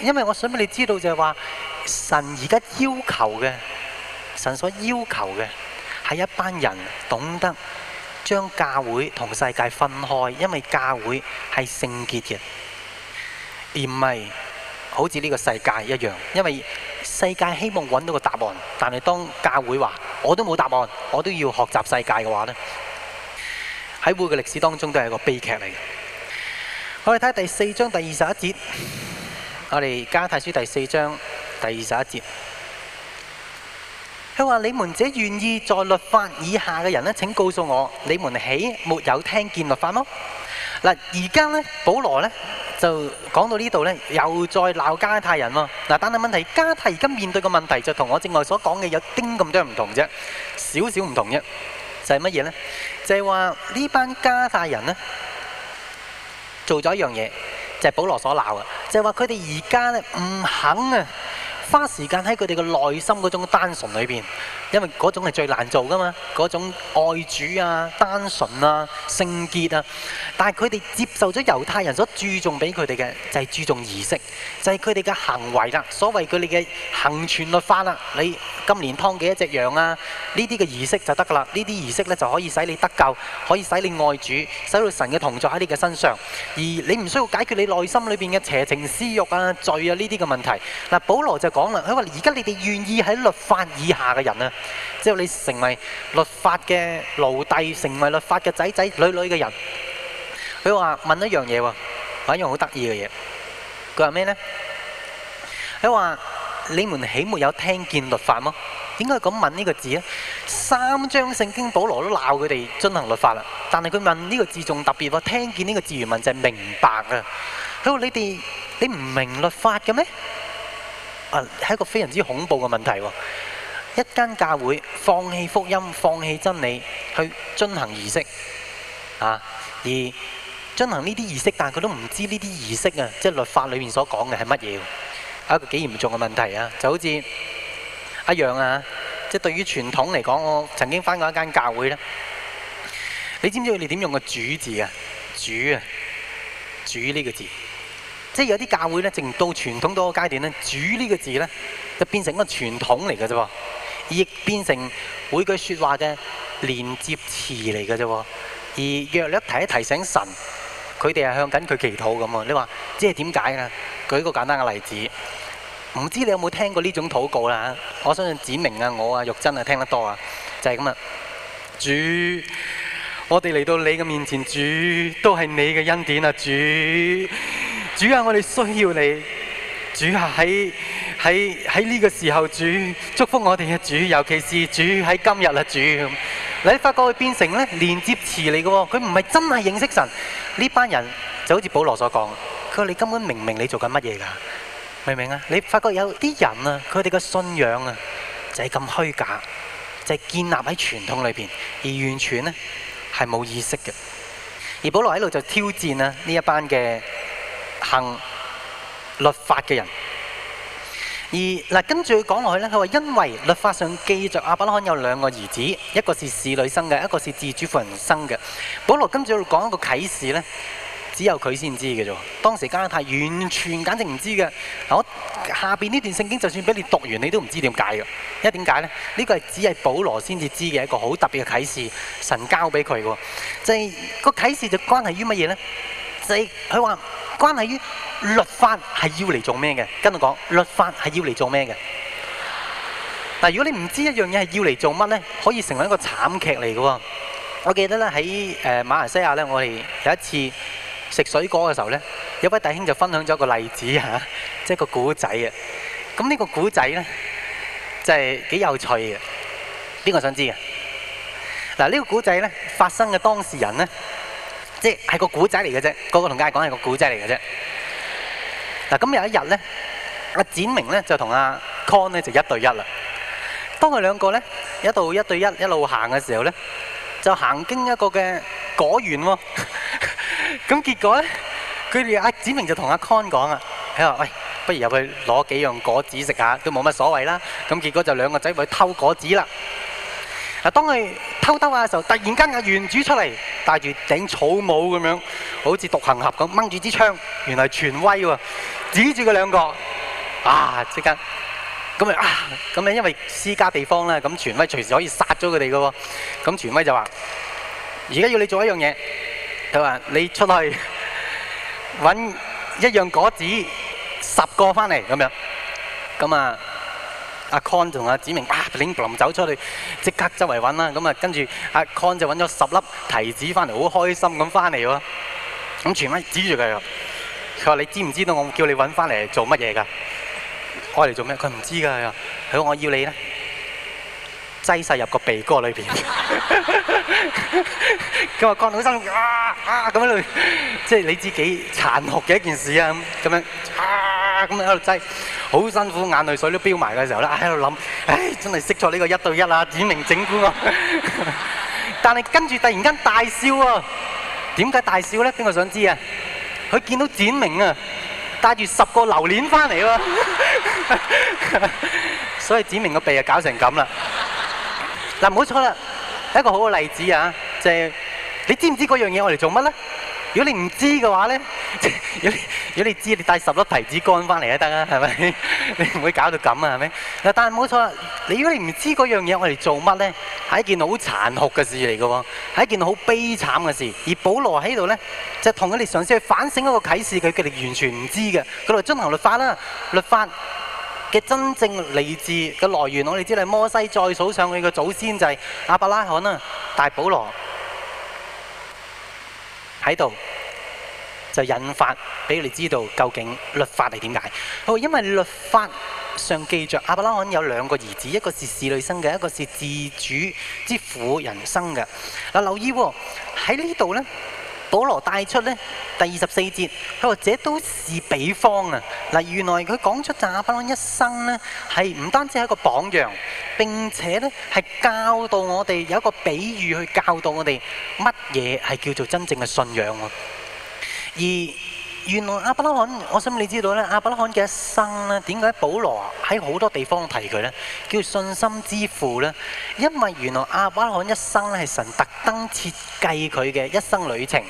因為我想俾你知道就係話，神而家要求嘅，神所要求嘅係一班人懂得將教會同世界分開，因為教會係聖潔嘅，而唔係好似呢個世界一樣。因為世界希望揾到個答案，但係當教會話我都冇答案，我都要學習世界嘅話呢，喺每個歷史當中都係一個悲劇嚟。我哋睇下第四章第二十一節，我哋加太書第四章第二十一節。佢話，你們這願意在律法以下嘅人呢，請告訴我，你們豈沒有聽見律法麼？嗱，而家呢，保羅呢，就講到呢度呢，又再鬧加太人喎。嗱，但係，問題加太而家面對嘅問題就同我正話所講嘅有丁咁多唔同啫，少少唔同啫，就係乜嘢呢？就係話呢班加太人呢。做咗一樣嘢，就係保羅所鬧嘅，就係話佢哋而家咧唔肯啊，花時間喺佢哋嘅內心種單純裏邊，因為嗰種係最難做噶嘛，種種愛主啊、單純啊、聖潔啊。但係佢哋接受咗猶太人所注重俾佢哋嘅，就係注重儀式，就係佢哋嘅行為啦。所謂佢哋嘅行存律法啦，你今年劏幾多隻羊啊？呢啲嘅儀式就得噶啦，呢啲儀式咧就可以使你得救，可以使你愛主，使到神嘅同在喺你嘅身上。而你唔需要解決你內心裏邊嘅邪情私欲啊、罪啊呢啲嘅問題。嗱，保羅就講。講啦，佢話：而家你哋願意喺律法以下嘅人啊，即係你成為律法嘅奴隸，成為律法嘅仔仔女女嘅人。佢話問一樣嘢喎，一樣好得意嘅嘢。佢話咩呢？佢話：你們豈沒有聽見律法嗎？點解咁問呢個字啊？三章聖經，保羅都鬧佢哋遵行律法啦。但係佢問呢個字仲特別喎，聽見呢個字原文就係明白啊。佢話：你哋你唔明律法嘅咩？啊，係一個非常之恐怖嘅問題。一間教會放棄福音、放棄真理去進行儀式啊，而進行呢啲儀式，但係佢都唔知呢啲儀式啊，即係律法裏面所講嘅係乜嘢，係一個幾嚴重嘅問題啊！就好似一樣啊，即係對於傳統嚟講，我曾經返過一間教會咧，你知唔知佢哋點用個主字啊？主啊，主呢個字。即係有啲教會咧，淨到傳統嗰個階段咧，主呢個字咧就變成一個傳統嚟嘅啫，而變成每句説話嘅連接詞嚟嘅啫。而若你一提一提醒神，佢哋係向緊佢祈禱咁啊！你話即係點解啊？舉個簡單嘅例子，唔知你有冇聽過呢種禱告啦？我相信指明啊、我啊、玉珍啊聽得多啊，就係咁啊！主，我哋嚟到你嘅面前，主都係你嘅恩典啊，主。主啊，我哋需要你，主啊，喺喺喺呢個時候，主祝福我哋啊，主，尤其是主喺今日啊，主。嗱，你發覺佢變成咧連接詞嚟嘅。佢唔係真係認識神呢班人就，就好似保羅所講，佢話你根本明明你做緊乜嘢噶明唔明啊？你發覺有啲人啊，佢哋嘅信仰啊就係咁虛假，就係、是、建立喺傳統裏邊，而完全呢係冇意識嘅。而保羅喺度就挑戰啊呢一班嘅。行律法嘅人，而嗱跟住佢講落去咧，佢話，因為律法上記着亞伯拉罕有兩個兒子，一個是侍女生嘅，一個是自主婦人生嘅。保羅跟住要講一個啟示咧，只有佢先知嘅啫。當時加拉太完全簡直唔知嘅。我下邊呢段聖經就算俾你讀完，你都唔知點解嘅。因為點解呢？呢個係只係保羅先至知嘅一個好特別嘅啟示，神交俾佢嘅。即係個啟示就關係於乜嘢呢？即係佢話。關係於律法係要嚟做咩嘅？跟住講，律法係要嚟做咩嘅？但如果你唔知道一樣嘢係要嚟做乜呢，可以成為一個慘劇嚟嘅。我記得咧喺誒馬來西亞咧，我哋有一次食水果嘅時候呢，有位弟兄就分享咗一個例子嚇、啊，即係個古仔啊。咁、這、呢個古仔呢，就係、是、幾有趣嘅。邊個想知嘅？嗱，呢個古仔呢，發生嘅當事人呢。即係個古仔嚟嘅啫，個個同大家講係個古仔嚟嘅啫。嗱咁有一日咧，阿展明咧就同阿 Con 咧就一對一啦。當佢兩個咧一度一對一一路行嘅時候咧，就行經一個嘅果園喎。咁結果咧，佢哋阿展明就同阿 Con 講啊，佢話：喂，不如入去攞幾樣果子食下，都冇乜所謂啦。咁結果就兩個仔去偷果子啦。嗱，當佢偷偷嘅時候，突然間阿原主出嚟，戴住頂草帽咁樣，好似獨行俠咁，掹住支槍，原來全威喎，指住佢兩個，啊！即刻咁啊，咁啊，因為私家地方咧，咁全威隨時可以殺咗佢哋㗎喎。咁全威就話：而家要你做一樣嘢，佢話你出去搵一樣果子十個返嚟咁樣，咁啊。阿 Con 同阿子明哇、啊，拎布林走出去，即刻周圍揾啦。咁啊，跟住阿 Con 就揾咗十粒提子翻嚟，好開心咁翻嚟喎。咁全部指住佢，佢話：你知唔知道我叫你揾翻嚟做乜嘢㗎？我嚟做咩？佢唔知㗎。佢話：好，我要你啦。擠曬入個鼻哥裏邊，咁啊幹到好辛苦啊啊！咁樣即係你自己殘酷嘅一件事啊，咁，咁樣啊咁樣喺度擠，好辛苦，眼淚水都飆埋嘅時候咧，喺度諗，唉，真係識錯呢個一對一啊！展明整蠱我。但係跟住突然間大笑啊，點解大笑咧？邊個想知啊？佢見到展明啊，帶住十個榴蓮翻嚟喎，所以展明個鼻啊搞成咁啦。嗱，冇錯啦，一個好嘅例子啊，就係、是、你知唔知嗰樣嘢我嚟做乜咧？如果你唔知嘅話咧，如果你如果你知，你帶十粒提子乾翻嚟都得啦，係咪？你唔會搞到咁啊，係咪？但係冇錯，如果你唔知嗰樣嘢我嚟做乜咧，係一件好殘酷嘅事嚟嘅喎，係一件好悲慘嘅事。而保羅喺度咧，就同佢哋嘗試去反省一個啟示，佢佢哋完全唔知嘅，佢就遵行律法啦，律法嘅真正理智嘅來源，我哋知你摩西再數上去嘅祖先就係、是、阿伯拉罕啊，大保羅喺度就引發俾你知道究竟律法係點解？好，因為律法上記着阿伯拉罕有兩個兒子，一個是侍女生嘅，一個是自主之婦人生嘅。嗱，留意喎、哦，喺呢度呢。保羅帶出呢第二十四節，佢話：這都是比方啊！嗱，原來佢講出亞伯蘭一生呢，係唔單止係一個榜樣，並且呢係教導我哋，有一個比喻去教導我哋乜嘢係叫做真正嘅信仰喎。二原來阿伯拉罕，我想你知道咧，阿伯拉罕嘅一生咧，點解保羅喺好多地方提佢咧？叫信心之父咧，因為原來阿伯拉罕一生咧係神特登設計佢嘅一生旅程，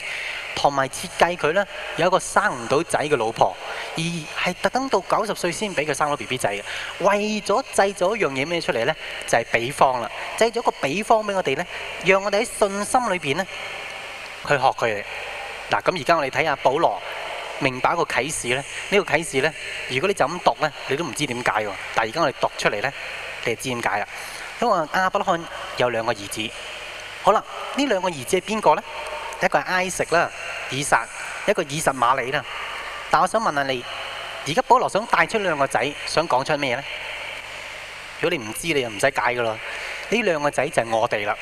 同埋設計佢咧有一個生唔到仔嘅老婆，而係特登到九十歲先俾佢生咗 BB 仔嘅。為咗製造一樣嘢咩出嚟咧，就係、是、比方啦，製造一個比方俾我哋咧，讓我哋喺信心裏邊咧去學佢哋。嗱，咁而家我哋睇下保羅。明白一個啟示咧，呢個啟示咧，如果你就咁讀咧，你都唔知點解喎。但而家我哋讀出嚟咧，你就知點解啊。因為亞伯拉罕有兩個兒子，好啦，呢兩個兒子係邊個咧？一個係埃食啦，以撒；一個以實瑪利啦。但我想問下你，而家保羅想帶出兩個仔，想講出咩咧？如果你唔知，你就唔使解噶咯。呢兩個仔就係我哋啦，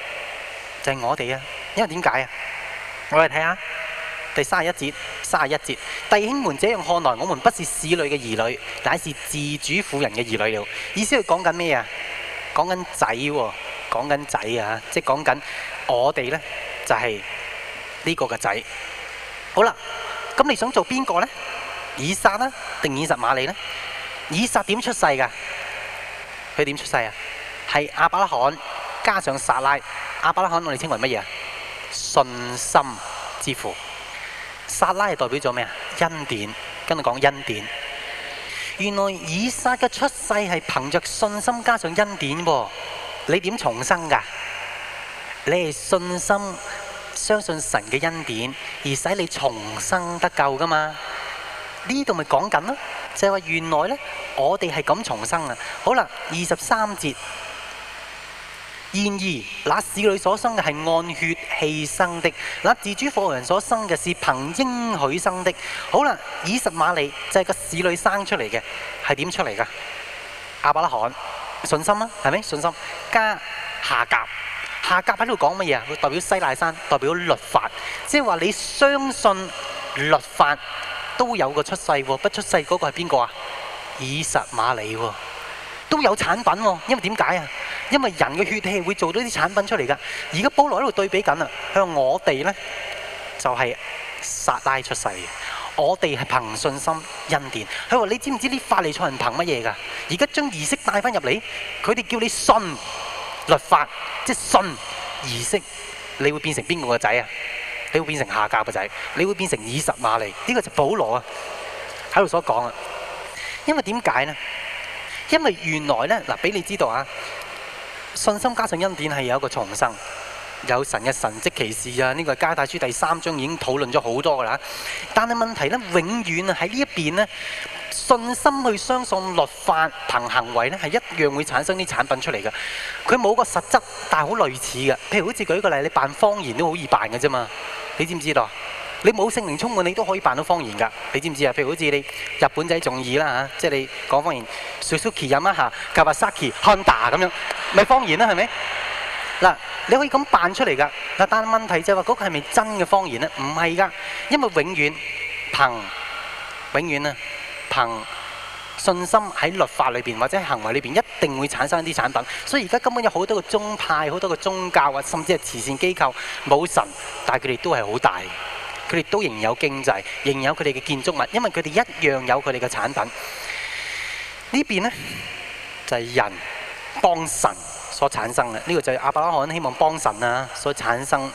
就係、是、我哋啊。因為點解啊？我哋睇下。第卅一節，卅一節，弟兄們這樣看來，我們不是使女嘅兒女，乃是自主婦人嘅兒女了。意思係講緊咩啊？講緊仔喎，講緊仔啊，即係講緊我哋咧，就係呢個嘅仔。好啦，咁你想做邊個咧？以撒咧，定以實瑪利咧？以撒點出世㗎？佢點出世啊？係亞伯拉罕加上撒拉。亞伯拉罕我哋稱為乜嘢啊？信心之父。撒拉係代表咗咩啊？恩典，跟住講恩典。原來以撒嘅出世係憑着信心加上恩典喎、啊。你點重生噶？你係信心相信神嘅恩典，而使你重生得救噶嘛？呢度咪講緊咯，就係、是、話原來呢，我哋係咁重生啊！好啦，二十三節。然而，那使女所生嘅係按血氣生的；那自主婦人所生嘅是憑應許生的。好啦，以實瑪利，就係個使女生出嚟嘅，係點出嚟噶？亞伯拉罕，信心啦、啊，係咪信心？加夏甲，夏甲喺度講乜嘢啊？佢代表西奈山，代表律法，即係話你相信律法都有個出世喎，不出世嗰個係邊個啊？以實瑪利喎。都有產品喎，因為點解啊？因為人嘅血氣會做到啲產品出嚟㗎。而家保羅喺度對比緊啊，佢話我哋呢，就係、是、撒拉出世嘅。我哋係憑信心恩典。佢話：你知唔知啲法利賽人憑乜嘢㗎？而家將儀式帶翻入嚟，佢哋叫你信律法，即係信儀式，你會變成邊個個仔啊？你會變成夏甲個仔，你會變成以實瑪利。呢、這個就保羅啊，喺度所講啊。因為點解呢？因為原來呢，嗱俾你知道啊，信心加上恩典係有一個重生，有神嘅神跡奇事啊。呢、這個係加帶書第三章已經討論咗好多噶啦。但係問題呢，永遠喺呢一邊呢，信心去相信律法憑行為呢，係一樣會產生啲產品出嚟嘅。佢冇個實質，但係好類似嘅。譬如好似舉個例，你扮方言都好易扮嘅啫嘛。你知唔知道？你冇聖靈充滿，你都可以扮到方言噶。你知唔知啊？譬如好似你日本仔鍾意啦嚇，即係你講方言，Suzuki、Yamaha，Kawasaki、Honda 咁樣，咪方言啦，係咪？嗱， 你可以咁扮出嚟噶。嗱，但係問題就係話嗰個係咪真嘅方言咧？唔係噶，因為永遠憑，永遠啊憑信心喺律法裏邊或者行為裏邊，一定會產生一啲產品。所以而家根本有好多個宗派、好多個宗教啊，甚至係慈善機構，冇神，但係佢哋都係好大。佢哋都仍有經濟，仍有佢哋嘅建築物，因為佢哋一樣有佢哋嘅產品。呢邊呢，就係、是、人幫神所產生嘅，呢、這個就係亞伯拉罕希望幫神啊所產生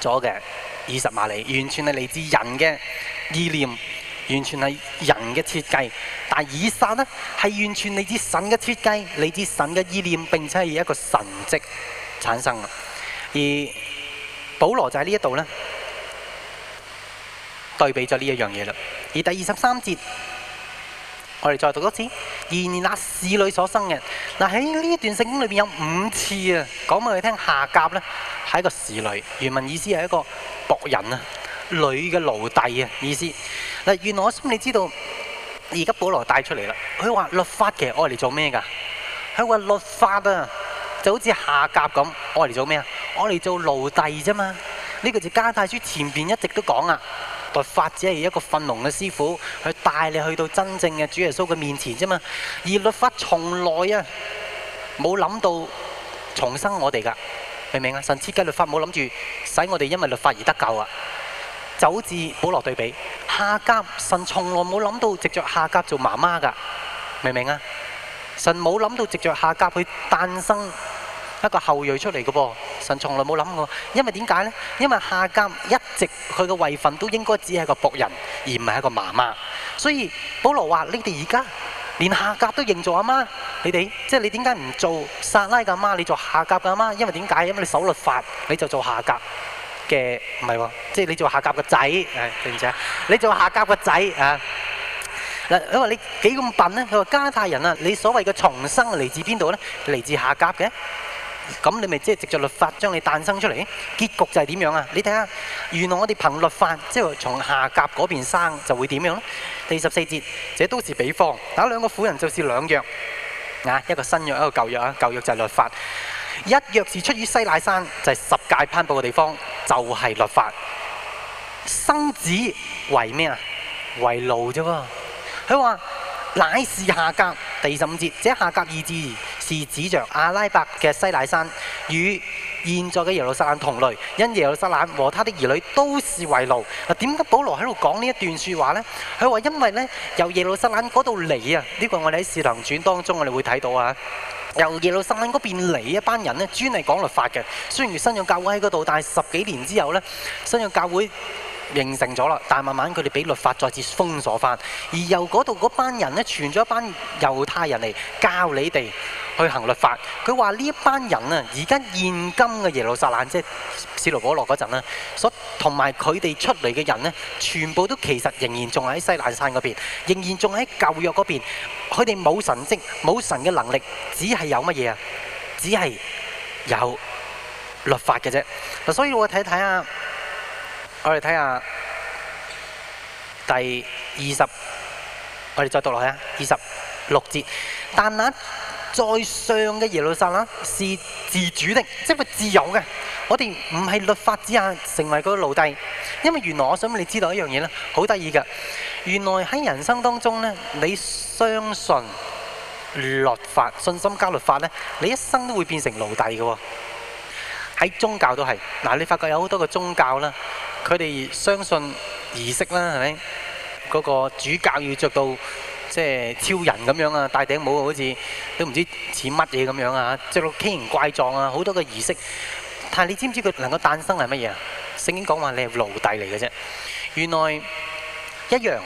咗嘅以實瑪利，完全係嚟自人嘅意念，完全係人嘅設計。但以撒呢，係完全嚟自神嘅設計，嚟自神嘅意念，並且係一個神跡產生嘅。而保羅就喺呢一度呢。對比咗呢一樣嘢啦，而第二十三節，我哋再讀多次。然而那使女所生嘅，嗱，喺呢段聖經裏邊有五次啊，講俾我哋聽夏甲呢係一個使女，原文意思係一個僕人啊，女嘅奴隸啊意思。嗱，原來我心裏知道，而家保羅帶出嚟啦，佢話律法其實攞嚟做咩㗎？佢話律法啊，就好似夏甲咁，攞嚟做咩啊？攞嚟做奴隸啫嘛。呢、這個就加太書前邊一直都講啊。律法只係一個訓蒙嘅師傅，去帶你去到真正嘅主耶穌嘅面前啫嘛。而律法從來啊冇諗到重生我哋噶，明唔明啊？神設計律法冇諗住使我哋因為律法而得救啊。就好似保羅對比夏甲，神從來冇諗到藉着夏甲做媽媽噶，明唔明啊？神冇諗到藉着夏甲去誕生一個後裔出嚟嘅噃，神從來冇諗過，因為點解呢？因為夏甲一直佢嘅位份都應該只係個僕人，而唔係一個媽媽。所以保羅話：你哋而家連夏甲都認做阿媽，你哋即係你點解唔做撒拉嘅阿媽？你做夏甲嘅阿媽，因為點解？因為你守律法，你就做夏甲嘅唔係喎，即係你做夏甲嘅仔。誒、哎，點解？你做夏甲嘅仔啊？嗱，佢話你幾咁笨呢？佢話加太人啊，你所謂嘅重生嚟自邊度呢？嚟自夏甲嘅。咁你咪即係藉著律法將你誕生出嚟？結局就係點樣啊？你睇下，原來我哋憑律法，即、就、係、是、從下甲嗰邊生，就會點樣？第二十四節，這都是比方，打兩個婦人就是兩約，啊，一個新約，一個舊約啊，舊約就係律法。一約是出於西乃山，就係、是、十誡頒布嘅地方，就係、是、律法。生子為咩啊？為奴啫喎。佢話乃是下甲。第二十五節，這下甲二字，是指著阿拉伯嘅西乃山，與現在嘅耶路撒冷同類，因耶路撒冷和他的兒女都是為奴。嗱，點解保羅喺度講呢一段説話呢？佢話因為呢，由耶路撒冷嗰度嚟啊，呢、呢個我哋喺《使徒行傳》當中我哋會睇到啊，由耶路撒冷嗰邊嚟一班人咧，專係講律法嘅。雖然新約教會喺嗰度，但係十幾年之後呢，新約教會，形成咗啦，但係慢慢佢哋俾律法再次封鎖翻，而由嗰度嗰班人呢，傳咗一班猶太人嚟教你哋去行律法。佢話呢一班人啊，而家現今嘅耶路撒冷，即係所羅巴伯嗰陣啦，所同埋佢哋出嚟嘅人呢，全部都其實仍然仲喺西乃山嗰邊，仍然仲喺舊約嗰邊。佢哋冇神跡，冇神嘅能力，只係有乜嘢啊？只係有律法嘅啫。所以我睇睇啊。我哋睇下第二十，我哋再讀落去啊，二十六節，但那在上嘅耶路撒冷是自主的，即係佢自由嘅。我哋唔喺律法之下成為嗰個奴隸。因為原來我想你知道一樣嘢咧，好得意㗎。原來喺人生當中咧，你相信律法、信心加律法咧，你一生都會變成奴隸嘅喎。喺宗教都係，嗱你發覺有好多個宗教啦，佢哋相信儀式啦，係咪？嗰個主教要着到即係超人咁樣啊，戴頂帽好似都唔知似乜嘢咁樣啊，著到畸形怪狀啊，好多個儀式。但係你知唔知佢能夠誕生係乜嘢啊？聖經講話你係奴隸嚟嘅啫。原來一樣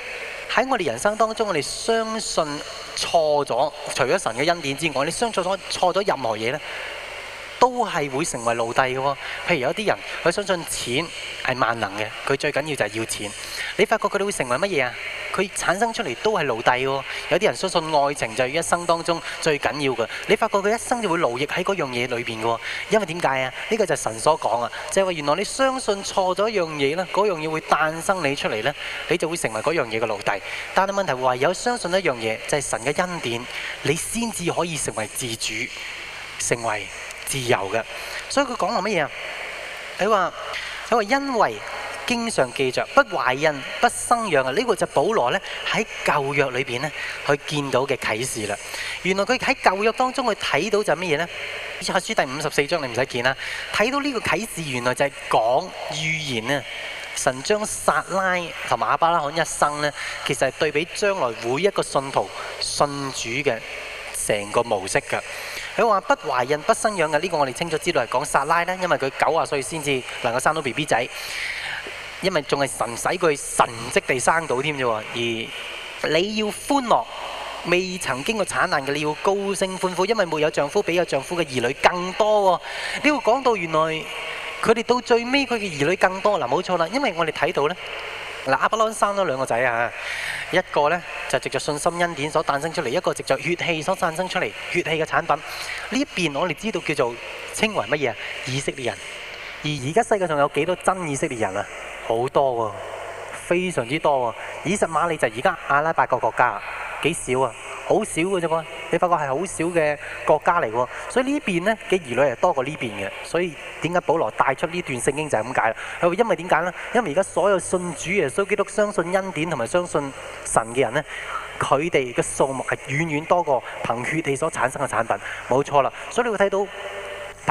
喺我哋人生當中，我哋相信錯咗，除咗神嘅恩典之外，你相信錯咗錯咗任何嘢呢，都係會成為奴隸嘅喎。譬如有啲人佢相信錢係萬能嘅，佢最緊要就係要錢。你發覺佢哋會成為乜嘢啊？佢產生出嚟都係奴隸喎。有啲人相信愛情就係一生當中最緊要嘅。你發覺佢一生就會勞役喺嗰樣嘢裏邊嘅喎。因為點解啊？呢個就係神所講啊，就係話原來你相信錯咗一樣嘢呢，嗰樣嘢會誕生你出嚟呢，你就會成為嗰樣嘢嘅奴隸。但係問題唯有相信一樣嘢，就係神嘅恩典，你先至可以成為自主，成為，自由嘅，所以佢講話乜嘢啊？佢話佢話因為經常記着「不懷孕不生養」啊，呢個就保羅呢，喺舊約裏邊呢，佢見到嘅啟示啦。原來佢喺舊約當中佢睇到就乜嘢呢？以賽書第五十四章你唔使見啦，睇到呢個啟示，原來就係講預言啊！神將撒拉同亞伯拉罕一生呢，其實係對比將來每一個信徒信主嘅。成個模式㗎，佢話不懷孕不生養㗎，呢個我哋清楚知道係講撒拉咧，因為佢九啊歲先至能夠生到 B B 仔，因為仲係神使佢神跡地生到添啫喎。而你要歡樂，未曾經過產難嘅，你要高聲歡呼，因為沒有丈夫比有丈夫嘅兒女更多喎。你要講到原來佢哋到最尾佢嘅兒女更多嗱，冇錯啦，因為我哋睇到咧。嗱，阿伯拉罕生咗兩個仔啊，一個咧就藉著信心恩典所誕生出嚟，一個藉著血氣所誕生出嚟，血氣嘅產品。呢邊我哋知道叫做稱為乜嘢啊？以色列人。而而家世界上有幾多真以色列人啊？好多喎、啊，非常之多喎、啊。以實馬利就而家阿拉伯國家，幾少啊？好少嘅啫噃。你發覺係好少嘅國家嚟喎，所以呢邊呢嘅兒女係多過呢邊嘅，所以點解保羅帶出呢段聖經就係咁解啦？因為點解呢？因為而家所有信主耶穌基督、相信恩典同埋相信神嘅人呢，佢哋嘅數目係遠遠多過憑血氣所產生嘅產品。冇錯啦，所以你會睇到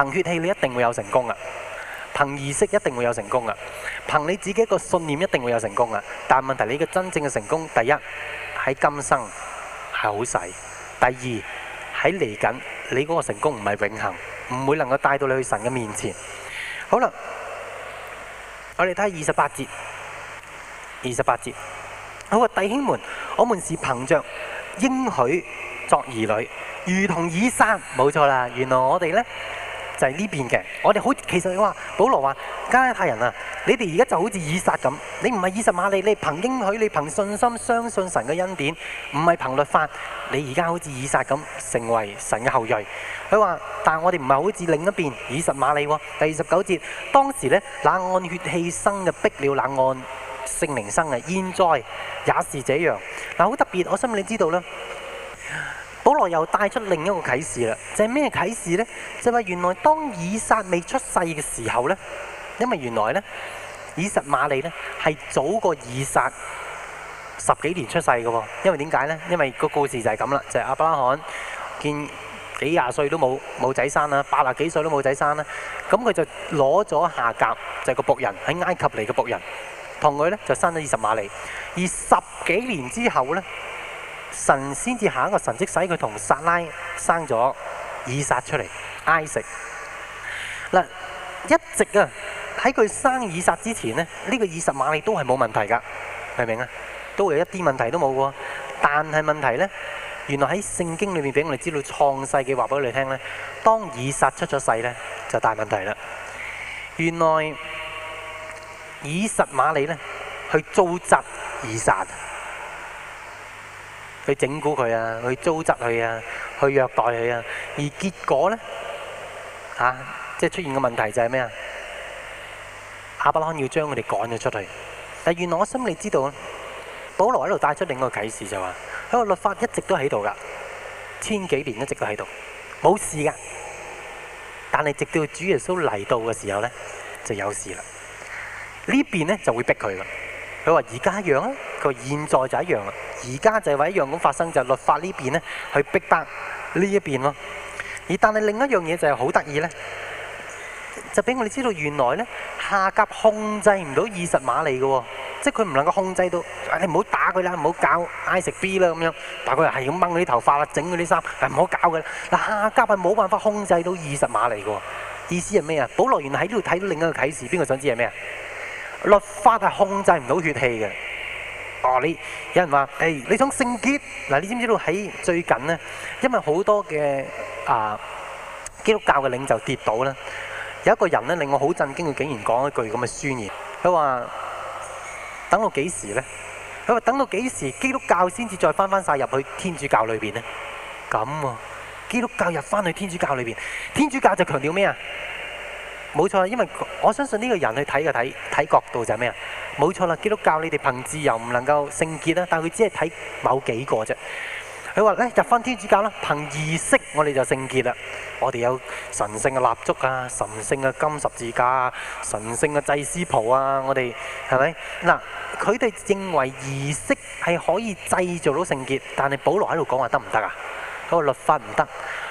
憑血氣你一定會有成功嘅，憑儀式一定會有成功嘅，憑你自己一個信念一定會有成功嘅。但係問題你嘅真正嘅成功，第一喺今生係好細。第二喺嚟緊，你嗰個成功唔係永恆，唔會能夠帶到你去神嘅面前。好啦，我哋睇下二十八節。二十八節，好啊，弟兄們，我們是憑着應許作兒女，如同以撒。冇錯啦，原來我哋呢。就係呢邊嘅，我哋好其實話，保羅話加拉太人啊，你哋而家就好似以撒咁，你唔係以實瑪利，你憑應許，你憑信心，憑信心相信神嘅恩典，唔係憑律法，你而家好似以撒咁成為神嘅後裔。佢話，但係我哋唔係好似另一邊以實瑪利喎。第二十九節，當時呢，冷岸血氣生嘅逼了冷岸聖靈生嘅，現在也是這樣。嗱，好特別，我希望你知道啦。保羅又帶出另一個啟示啦，就係咩啟示呢？就係原來當以撒未出世嘅時候呢，因為原來呢，以實瑪利呢係早過以撒十幾年出世嘅喎。因為點解呢？因為個故事就係咁啦，就係亞伯拉罕見幾廿歲都冇冇仔生啦，八十幾歲都冇仔生啦，咁佢就攞咗夏甲，就係個僕人喺埃及嚟嘅僕人，同佢呢就生咗以實瑪利。而十幾年之後呢。神先至下一個神蹟，使佢同撒拉生咗以撒出嚟挨食。嗱，一直啊喺佢生以撒之前呢，呢、呢個以實瑪利都係冇問題噶，明唔明啊？都有一啲問題都冇嘅。但係問題呢，原來喺聖經裏面俾我哋知道創世記話俾你聽呢，當以撒出咗世呢，就大問題啦。原來以實瑪利呢，去糟質以撒。去整蠱佢啊，去糟質佢啊，去虐待佢啊，而結果呢，嚇、啊，即係出現個問題就係咩啊？亞伯拉罕要將佢哋趕咗出去，但係原來我心裏知道，保羅喺度帶出另外啟示就話，佢個律法一直都喺度噶，千幾年一直都喺度，冇事噶。但係直到主耶穌嚟到嘅時候呢，就有事啦。呢邊呢，就會逼佢啦。佢話而家一樣啊。佢現在就一樣啦，而家就係為一樣咁發生，就律法呢邊咧去逼迫呢一邊咯。而但係另一樣嘢就係好得意咧，就俾我哋知道原來咧夏甲控制唔到以實瑪利嘅、哦，即係佢唔能夠控制到。哎、你唔好打佢啦，唔好搞，挨食 B 啦咁樣。但佢又係咁掹佢啲頭髮啦，整佢啲衫，係唔好搞嘅。嗱，夏甲係冇辦法控制到以實瑪利嘅。意思係咩啊？保羅原來喺呢度睇到另一個啟示，邊個想知係咩啊？律法係控制唔到血氣嘅。哦，你有人話誒，你想聖潔嗱？你知唔知道喺最近呢，因為好多嘅啊基督教嘅領袖跌倒咧，有一個人咧令我好震驚，佢竟然講一句咁嘅宣言，佢話等到幾時呢？佢話等到幾時基督教先至再翻翻晒入去天主教裏邊呢？咁啊，基督教入翻去天主教裏邊，天主教就強調咩啊？冇錯，因為我相信呢個人去睇嘅睇睇角度就係咩啊？冇錯啦，基督教你哋憑自由唔能夠聖潔啦，但佢只係睇某幾個啫。佢話咧入翻天主教啦，憑儀式我哋就聖潔啦。我哋有神聖嘅蠟燭啊，神聖嘅金十字架，神聖嘅祭司袍啊，我哋係咪嗱？佢哋認為儀式係可以製造到聖潔，但係保羅喺度講話得唔得啊？嗰律法唔得，佢、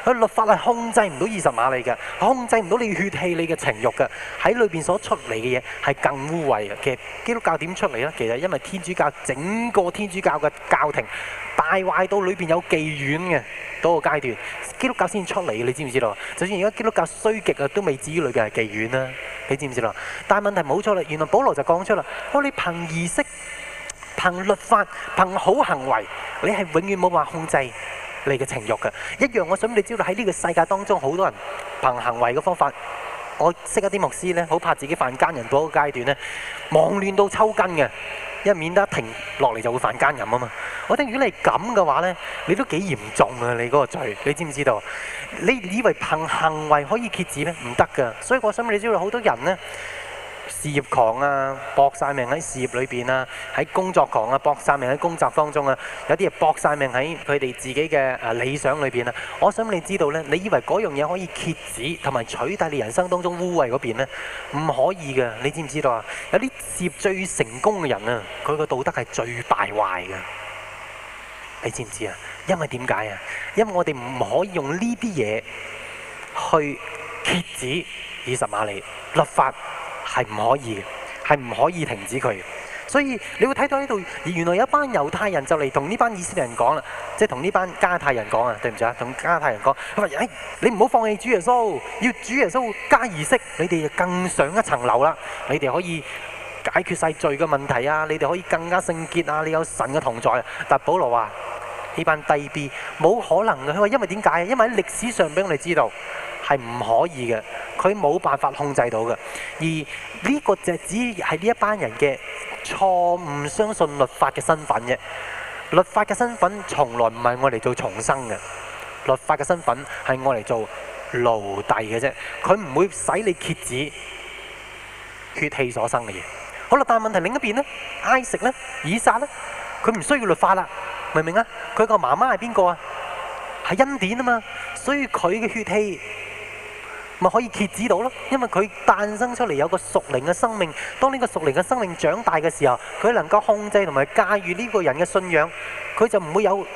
那個、律法係控制唔到二十馬力嘅，控制唔到你血氣、你嘅情慾嘅，喺裏邊所出嚟嘅嘢係更污穢嘅。其實基督教點出嚟呢？其實因為天主教整個天主教嘅教廷敗壞到裏邊有妓院嘅嗰個階段，基督教先出嚟，你知唔知道？就算而家基督教衰極啊，都未至於裏邊係妓院啦，你知唔知道？但係問題冇錯啦，原來保羅就講出啦：你憑儀式、憑律法、憑好行為，你係永遠冇辦法控制。你嘅情欲嘅一樣，我想你知道喺呢個世界當中，好多人憑行為嘅方法，我識一啲牧師呢，好怕自己犯奸淫到一個階段呢，忙亂到抽筋嘅，因為免得一停落嚟就會犯奸淫啊嘛！我覺得如果係咁嘅話呢，你都幾嚴重啊！你嗰個罪，你知唔知道？你以為憑行為可以揭止咧？唔得噶！所以我想你知道好多人呢。事業狂啊，搏晒命喺事業裏邊啊；喺工作狂啊，搏晒命喺工作當中啊。有啲人搏晒命喺佢哋自己嘅啊理想裏邊啊。我想你知道呢，你以為嗰樣嘢可以揭止同埋取代你人生當中污穢嗰邊咧？唔可以嘅，你知唔知道啊？有啲事業最成功嘅人啊，佢個道德係最敗壞嘅。你知唔知啊？因為點解啊？因為我哋唔可以用呢啲嘢去揭止二十瑪里律法。係唔可以，係唔可以停止佢。所以你會睇到呢度，原來有一班猶太人就嚟同呢班以色列人講啦，即係同呢班加太人講啊，對唔住啊，同加太人講，佢話：哎，你唔好放棄主耶穌，要主耶穌加儀式，你哋就更上一層樓啦，你哋可以解決晒罪嘅問題啊，你哋可以更加聖潔啊，你有神嘅同在。但保羅話：呢班低 B 冇可能嘅，因為點解？因為喺歷史上俾我哋知道。係唔可以嘅，佢冇辦法控制到嘅。而呢個就只係呢一班人嘅錯誤相信律法嘅身份啫。律法嘅身份從來唔係我嚟做重生嘅，律法嘅身份係我嚟做奴隸嘅啫。佢唔會使你蠍子血氣所生嘅嘢。好啦，但係問題另一邊呢，埃及呢，以撒呢，佢唔需要律法啦，明唔明啊？佢個媽媽係邊個啊？係恩典啊嘛，所以佢嘅血氣，咪可以遏止到咯，因為佢誕生出嚟有個屬靈嘅生命。當呢個屬靈嘅生命長大嘅時候，佢能夠控制同埋駕馭呢個人嘅信仰，佢就唔會有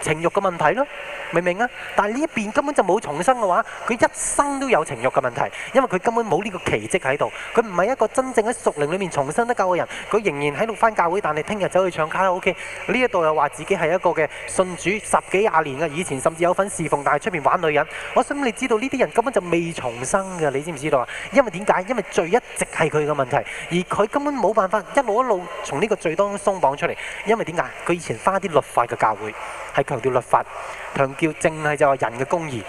情欲嘅問題咯。明唔明啊？但係呢一邊根本就冇重生嘅話，佢一生都有情欲嘅問題，因為佢根本冇呢個奇蹟喺度。佢唔係一個真正喺屬靈裏面重生得救嘅人，佢仍然喺度翻教會，但係聽日走去唱卡拉 OK。呢一度又話自己係一個嘅信主十幾廿年嘅，以前甚至有份侍奉，但係出面玩女人。我想你知道呢啲人根本就未重生㗎，你知唔知道啊？因為點解？因為罪一直係佢嘅問題，而佢根本冇辦法一路一路從呢個罪當中鬆綁出嚟。因為點解？佢以前花啲律法嘅教會，係強調律法。僅僅，淨係就係人嘅公義，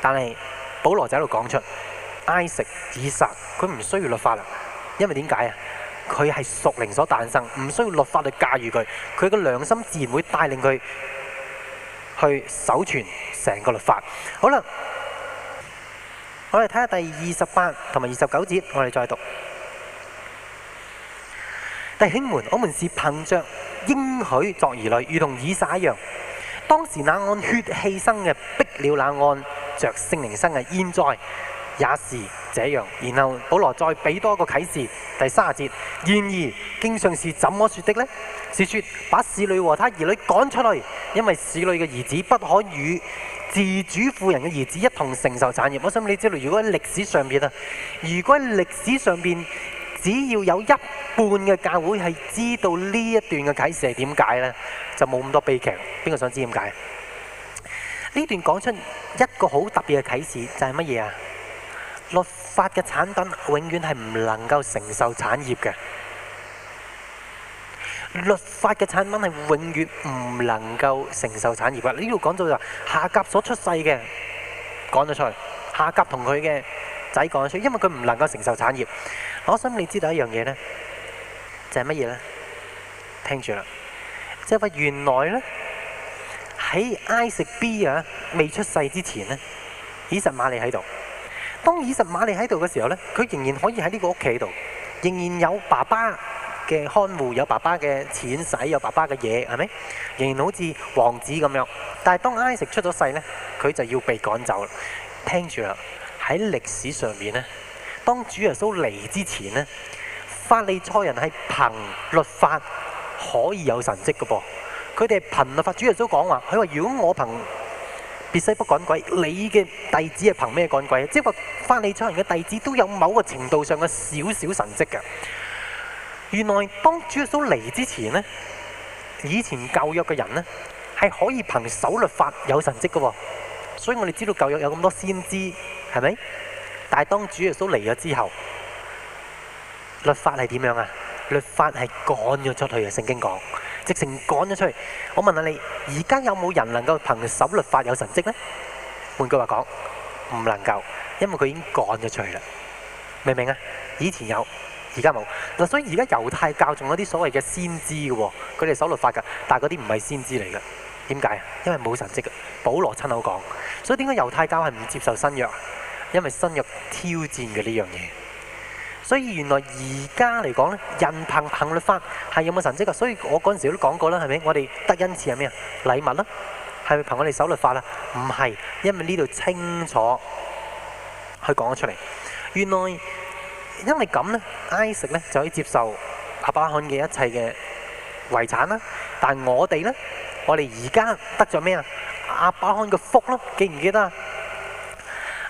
但係保羅就喺度講出 Isaac 以撒，佢唔需要律法啦，因為點解啊？佢係屬靈所誕生，唔需要律法嚟駕馭佢，佢嘅良心自然會帶領佢去守全成個律法。好啦，我哋睇下第二十八同埋二十九節，我哋再讀。弟兄們，我們是憑著應許作兒女，如同以撒一樣。當時那按血氣生嘅逼了那按着聖靈生嘅，現在也是這樣。然後保羅再俾多一個啟示，第三十節。然而經上是怎麼説的呢？是説把使女和她兒女趕出去，因為使女嘅兒子不可與自主婦人嘅兒子一同承受產業。我想你知道，如果喺歷史上邊啊，如果喺歷史上邊。只要有一半嘅教會係知道呢一段嘅啟示係點解呢，就冇咁多悲劇。邊個想知點解？呢段講出一個好特別嘅啟示就係乜嘢啊？律法嘅產品永遠係唔能夠承受產業嘅。律法嘅產品係永遠唔能夠承受產業嘅。呢度講咗就夏甲所出世嘅講咗出嚟，夏甲同佢嘅仔講咗出嚟，因為佢唔能夠承受產業。我想你知道一樣嘢呢，就係乜嘢呢？聽住啦，即係話原來呢，喺以撒啊未出世之前呢，以實瑪利喺度。當以實瑪利喺度嘅時候呢，佢仍然可以喺呢個屋企度，仍然有爸爸嘅看護，有爸爸嘅錢使，有爸爸嘅嘢，係咪？仍然好似王子咁樣。但係當以撒出咗世呢，佢就要被趕走啦。聽住啦，喺歷史上面呢。當主耶穌嚟之前呢，法利賽人係憑律法可以有神蹟嘅噃，佢哋係憑律法。主耶穌講話，佢話如果我憑別西卜趕鬼，你嘅弟子係憑咩趕鬼？即係話法利賽人嘅弟子都有某個程度上嘅少少神蹟嘅。原來當主耶穌嚟之前呢，以前舊約嘅人呢係可以憑守律法有神蹟嘅，所以我哋知道舊約有咁多先知，係咪？但係當主耶穌嚟咗之後，律法係點樣啊？律法係趕咗出去嘅，聖經講，直情趕咗出去。我問下你，而家有冇人能夠憑守律法有神跡呢？換句話講，唔能夠，因為佢已經趕咗出去啦。明唔明啊？以前有，而家冇。嗱，所以而家猶太教仲有啲所謂嘅先知嘅，佢哋守律法噶，但係嗰啲唔係先知嚟噶。點解啊？因為冇神跡嘅。保羅親口講，所以點解猶太教係唔接受新約？因為新約挑戰嘅呢樣嘢，所以原來而家嚟講呢人憑憑律法係有冇神跡噶？所以我嗰陣時都講過啦，係咪？我哋得恩賜係咩啊？禮物啦、啊，係咪憑我哋手律法啦、啊？唔係，因為呢度清楚去講咗出嚟。原來因為咁咧，Isaac 咧就可以接受阿巴罕嘅一切嘅遺產啦。但我哋呢，我哋而家得咗咩啊？阿巴罕嘅福咯，記唔記得啊？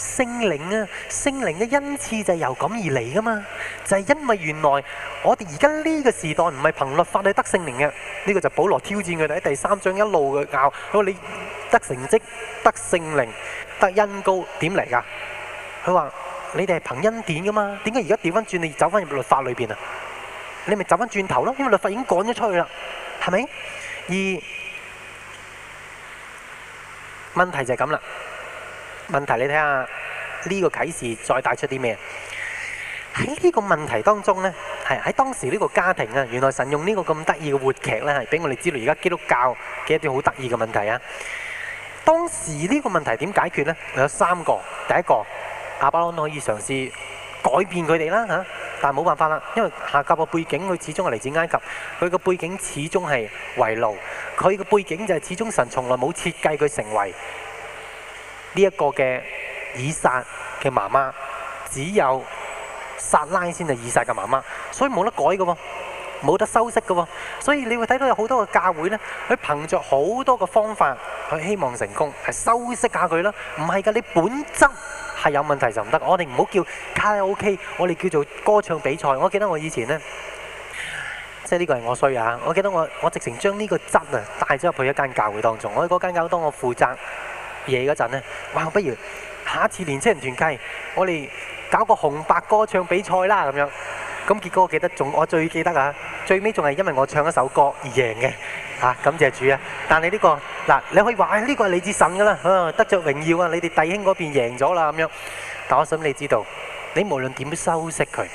聖靈啊，聖靈嘅恩賜就係由咁而嚟噶嘛，就係因為原來我哋而家呢個時代唔係憑律法去得聖靈嘅，呢個就係保羅挑戰佢哋喺第三章一路嘅拗，佢話你得成績、得聖靈、得恩高點嚟噶？佢話你哋係憑恩典噶嘛？點解而家調翻轉你走翻入律法裏邊啊？你咪走翻轉頭咯，因為律法已經趕咗出去啦，係咪？而問題就係咁啦。問題，你睇下呢個啟示再帶出啲咩？喺呢個問題當中咧，係喺當時呢個家庭啊，原來神用呢個咁得意嘅活劇咧，係俾我哋知道而家基督教嘅一啲好得意嘅問題啊。當時呢個問題點解決咧？有三個。第一個亞伯蘭可以嘗試改變佢哋啦嚇，但係冇辦法啦，因為夏甲嘅背景佢始終係嚟自埃及，佢個背景始終係遺留，佢個背景就係始終神從來冇設計佢成為。呢一個嘅以撒嘅媽媽，只有撒拉先係以撒嘅媽媽，所以冇得改嘅喎，冇得修飾嘅喎，所以你會睇到有好多個教會呢，佢憑着好多個方法去希望成功，係修飾下佢咯。唔係㗎，你本質係有問題就唔得。我哋唔好叫卡拉 OK，我哋叫做歌唱比賽。我記得我以前呢，即係呢個係我衰啊！我記得我我直情將呢個質啊帶咗入去一間教會當中，我喺嗰間教會當中我負責。夜嗰陣咧，哇！不如下一次年青人團契，我哋搞個紅白歌唱比賽啦咁樣。咁結果我記得仲，我最記得啊，最尾仲係因為我唱一首歌而贏嘅。嚇、啊，感謝主啊！但係呢個嗱，你可以話呢個係嚟自神噶啦、啊，得着榮耀啊！你哋弟兄嗰邊贏咗啦咁樣。但我想你知道，你無論點樣修飾佢，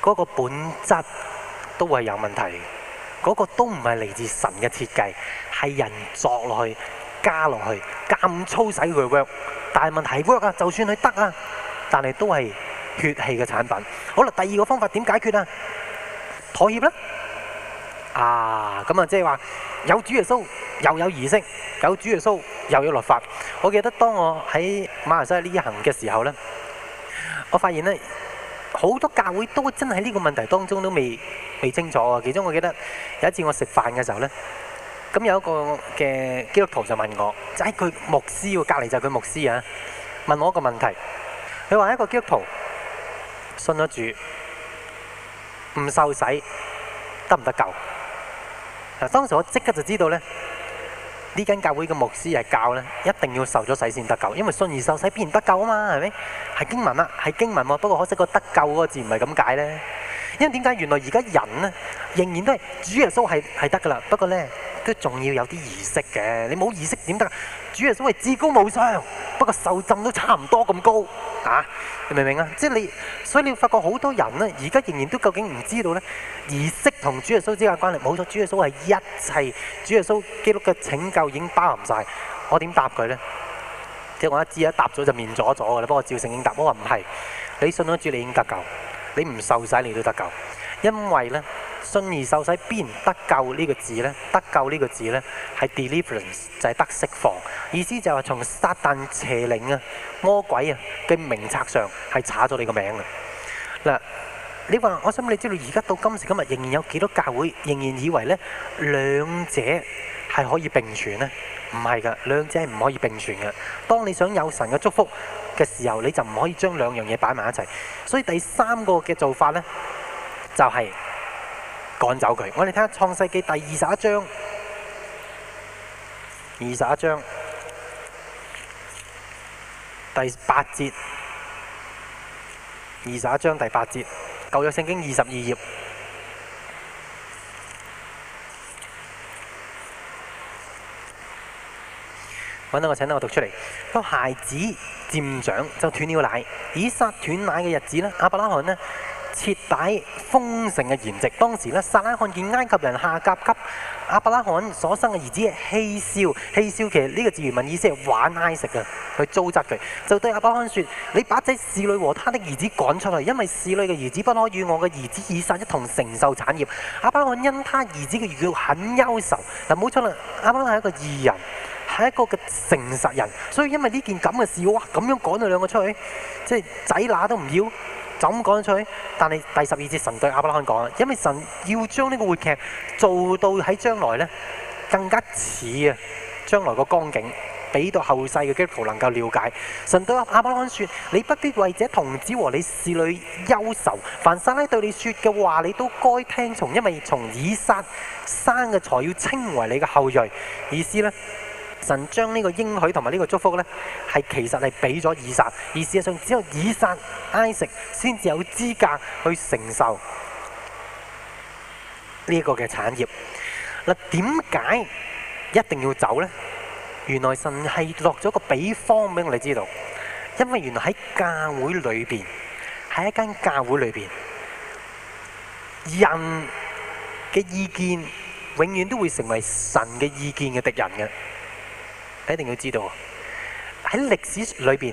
嗰個本質都係有問題。嗰個都唔係嚟自神嘅設計，係人作落去。加落去，咁粗使佢 work，但係問題 work 啊，就算佢得啊，但係都係血氣嘅產品。好啦，第二個方法點解決啊？妥協啦。啊，咁啊，即係話有主耶穌，又有儀式，有主耶穌，又有律法。我記得當我喺馬來西亞呢一行嘅時候咧，我發現咧好多教會都真係呢個問題當中都未未清楚啊。其中我記得有一次我食飯嘅時候咧。咁有一個嘅基督徒就問我，就喺佢牧師喎，隔離就係佢牧師啊，問我一個問題。佢話一個基督徒信咗主，唔受洗得唔得救？嗱，當時我即刻就知道咧，呢間教會嘅牧師係教咧，一定要受咗洗先得救，因為信而受洗必然得救啊嘛，係咪？係經文啊，係經文喎。不過可惜個得救嗰個字唔係咁解咧，因為點解？原來而家人咧仍然都係主耶穌係係得噶啦，不過咧。都仲要有啲儀式嘅，你冇儀式點得？主耶穌係至高無上，不過受浸都差唔多咁高啊！你明唔明啊？即係你，所以你發覺好多人呢而家仍然都究竟唔知道呢儀式同主耶穌之間嘅關係冇錯。主耶穌係一切，主耶穌基督嘅拯救已經包含晒。我點答佢呢？即係我一知一答咗就面阻咗㗎啦。不過照聖經答，我話唔係，你信咗主你已經得救，你唔受洗，你都得救。因為咧，信而受洗，必然得救呢個字咧？得救呢個字咧，係 deliverance，就係得釋放。意思就係從撒旦、邪靈啊、魔鬼啊嘅名冊上係查咗你個名㗎嗱。你話，我想你知道而家到今時今日，仍然有幾多教會仍然以為咧兩者係可以並存咧？唔係㗎，兩者係唔可以並存㗎。當你想有神嘅祝福嘅時候，你就唔可以將兩樣嘢擺埋一齊。所以第三個嘅做法咧。就係趕走佢。我哋睇下創世記第二十一章，二十一章第八節，二十一章第八節，舊約聖經二十二頁，揾到我，請到我讀出嚟。個孩子漸長就斷了奶，以撒斷奶嘅日子咧，亞伯拉罕呢。徹底封城嘅筵席。當時呢，撒拉看見埃及人夏甲給，亞伯拉罕所生嘅兒子戲笑，戲笑其實呢個字原文，文意思係玩埃食嘅，去糟質佢，就對亞伯拉罕説： 你把這侍女和他的兒子趕出去，因為侍女嘅兒子不可與我嘅兒子以撒一同承受產業。亞伯拉罕因他兒子嘅緣故很憂愁，嗱，冇錯啦，亞伯拉罕係一個義人，係一個嘅誠實人，所以因為呢件咁嘅事，哇，咁樣趕咗兩個出去，即係仔乸都唔要。噉講出去，但係第十二節神對亞伯拉罕講啦，因為神要將呢個活劇做到喺將來呢更加似啊，將來個光景俾到後世嘅基督徒能夠了解。神對亞伯拉罕説：你不必為這童子和你侍女憂愁，凡撒拉對你説嘅話你都該聽從，因為從以撒生嘅才要稱為你嘅後裔。意思呢？神將呢個應許同埋呢個祝福呢，係其實係俾咗以撒，而事實上只有以撒 Isaac，先至有資格去承受呢個嘅產業。嗱、啊，點解一定要走呢？原來神係落咗個比方俾我哋知道，因為原來喺教會裏邊，喺一間教會裏邊，人嘅意見永遠都會成為神嘅意見嘅敵人嘅。一定要知道喺歷史裏邊，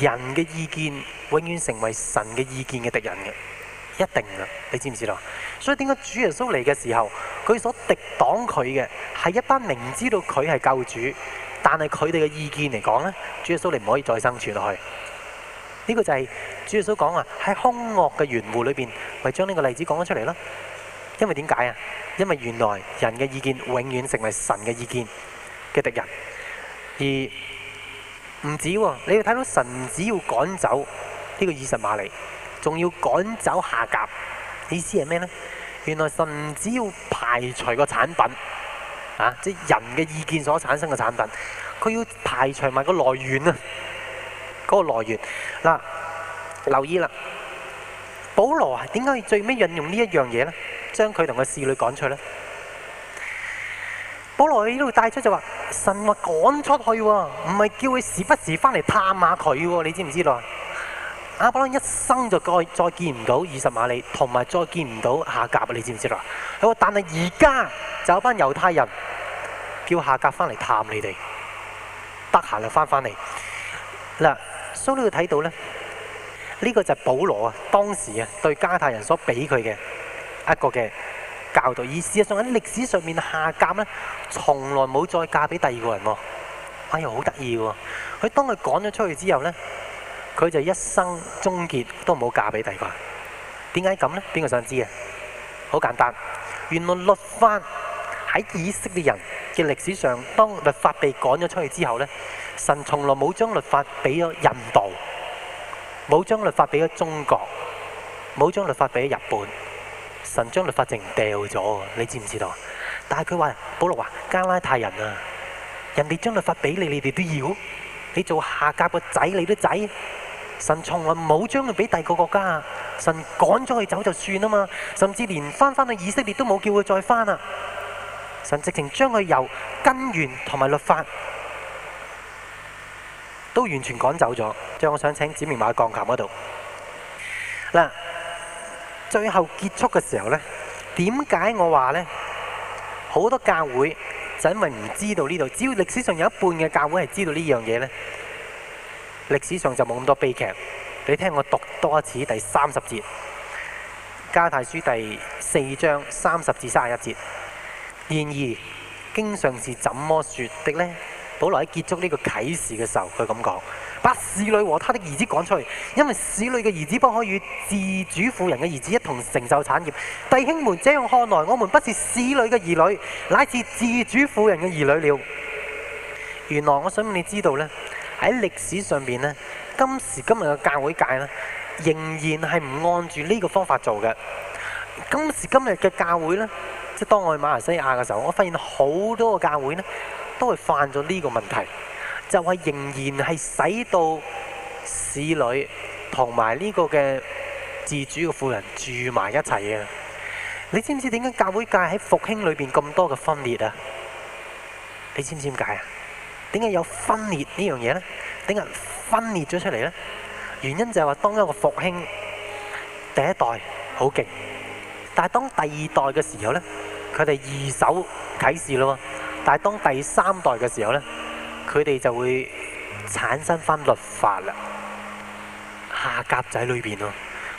人嘅意見永遠成為神嘅意見嘅敵人嘅，一定噶。你知唔知道？所以點解主耶穌嚟嘅時候，佢所敵擋佢嘅係一班明知道佢係救主，但係佢哋嘅意見嚟講呢，主耶穌你唔可以再生存落去。呢、這個就係主耶穌講啊！喺凶惡嘅園戶裏邊，咪將呢個例子講咗出嚟咯。因為點解啊？因為原來人嘅意見永遠成為神嘅意見嘅敵人。而唔止喎，你要睇到神只要趕走呢個以實瑪利，仲要趕走夏甲。意思係咩呢？原來神只要排除個產品，啊，即係人嘅意見所產生嘅產品，佢要排除埋個來源啊，嗰個來源。嗱、那個啊，留意啦，保羅啊，點解最尾引用呢一樣嘢呢？將佢同個侍女趕出咧？保羅喺呢度帶出就話神話趕出去，唔係叫佢時不時返嚟探下佢，你知唔知道啊？阿保羅一生就再再見唔到二十馬里，同埋再見唔到夏甲。你知唔知道啊？但係而家就有班猶太人叫夏甲返嚟探你哋，得閒就返返嚟。嗱，所以你睇到呢，呢、呢個就係保羅啊，當時啊對加太人所俾佢嘅一個嘅。教導，而事實上喺歷史上面下鑑咧，從來冇再嫁俾第二個人喎。哎唷，好得意嘅喎！佢當佢趕咗出去之後咧，佢就一生終結都冇嫁俾第二個人。點解咁咧？邊個想知啊？好簡單，原來律法喺以色列人嘅歷史上，當律法被趕咗出去之後咧，神從來冇將律法俾咗印度，冇將律法俾咗中國，冇將律法俾咗日本。神將律法丟掉咗，你知唔知道？但係佢話，保羅話，啊，加拉太人啊，人哋將律法俾你，你哋都要，你做下甲個仔，你都仔。神從來冇將佢俾第二個國家，神趕咗佢走就算啊嘛，甚至連翻翻去以色列都冇叫佢再翻啊。神直情將佢由根源同埋律法都完全趕走咗。即我想請指明馬去鋼琴嗰度，嗱。最後結束嘅時候，為什麼我說呢？點解我話呢？好多教會就因為唔知道呢度，只要歷史上有一半嘅教會係知道呢樣嘢呢，歷史上就冇咁多悲劇。你聽我讀多一次第三十節，加太書第四章三十至三十一節。然而，經常是怎麼說的呢？保羅喺結束呢個啟示嘅時候，佢咁講。把使女和他的兒子趕出去，因為使女嘅兒子不可與自主婦人嘅兒子一同承受產業。弟兄們，這樣看來，我們不是使女嘅兒女，乃是自主婦人嘅兒女了。原來我想你知道呢？喺歷史上邊呢，今時今日嘅教會界呢，仍然係唔按住呢個方法做嘅。今時今日嘅教會呢，即係當我去馬來西亞嘅時候，我發現好多個教會呢，都係犯咗呢個問題。就係仍然係使到使女同埋呢個嘅自主嘅婦人住埋一齊嘅。你知唔知點解教會界喺復興裏邊咁多嘅分裂啊？你知唔知點解啊？點解有分裂呢樣嘢呢？點解分裂咗出嚟呢？原因就係話當一個復興第一代好勁，但係當第二代嘅時候呢，佢哋二手啟示咯。但係當第三代嘅時候咧，佢哋就會產生翻律法啦，夏甲仔裏邊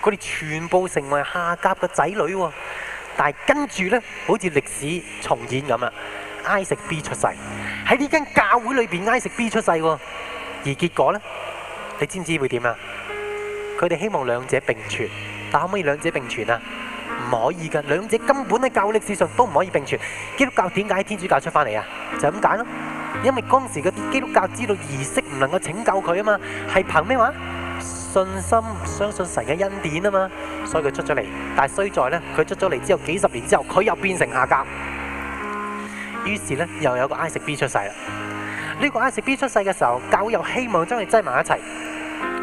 佢哋全部成為夏甲嘅仔女喎，但係跟住呢，好似歷史重演咁啊。以撒 B 出世喺呢間教會裏邊，以撒 B 出世喎，而結果呢，你知唔知會點啊？佢哋希望兩者並存，但可唔可以兩者並存啊？唔可以㗎，兩者根本喺教會歷史上都唔可以並存。基督教點解喺天主教出翻嚟啊？就咁解咯。因為當時嘅基督教知道儀式唔能夠拯救佢啊嘛，係憑咩話？信心相信神嘅恩典啊嘛，所以佢出咗嚟。但係衰在咧，佢出咗嚟之後幾十年之後，佢又變成下架。於是咧，又有個 Isaac B 出世啦。呢個 Isaac B 出世嘅時候，教會又希望將佢擠埋一齊。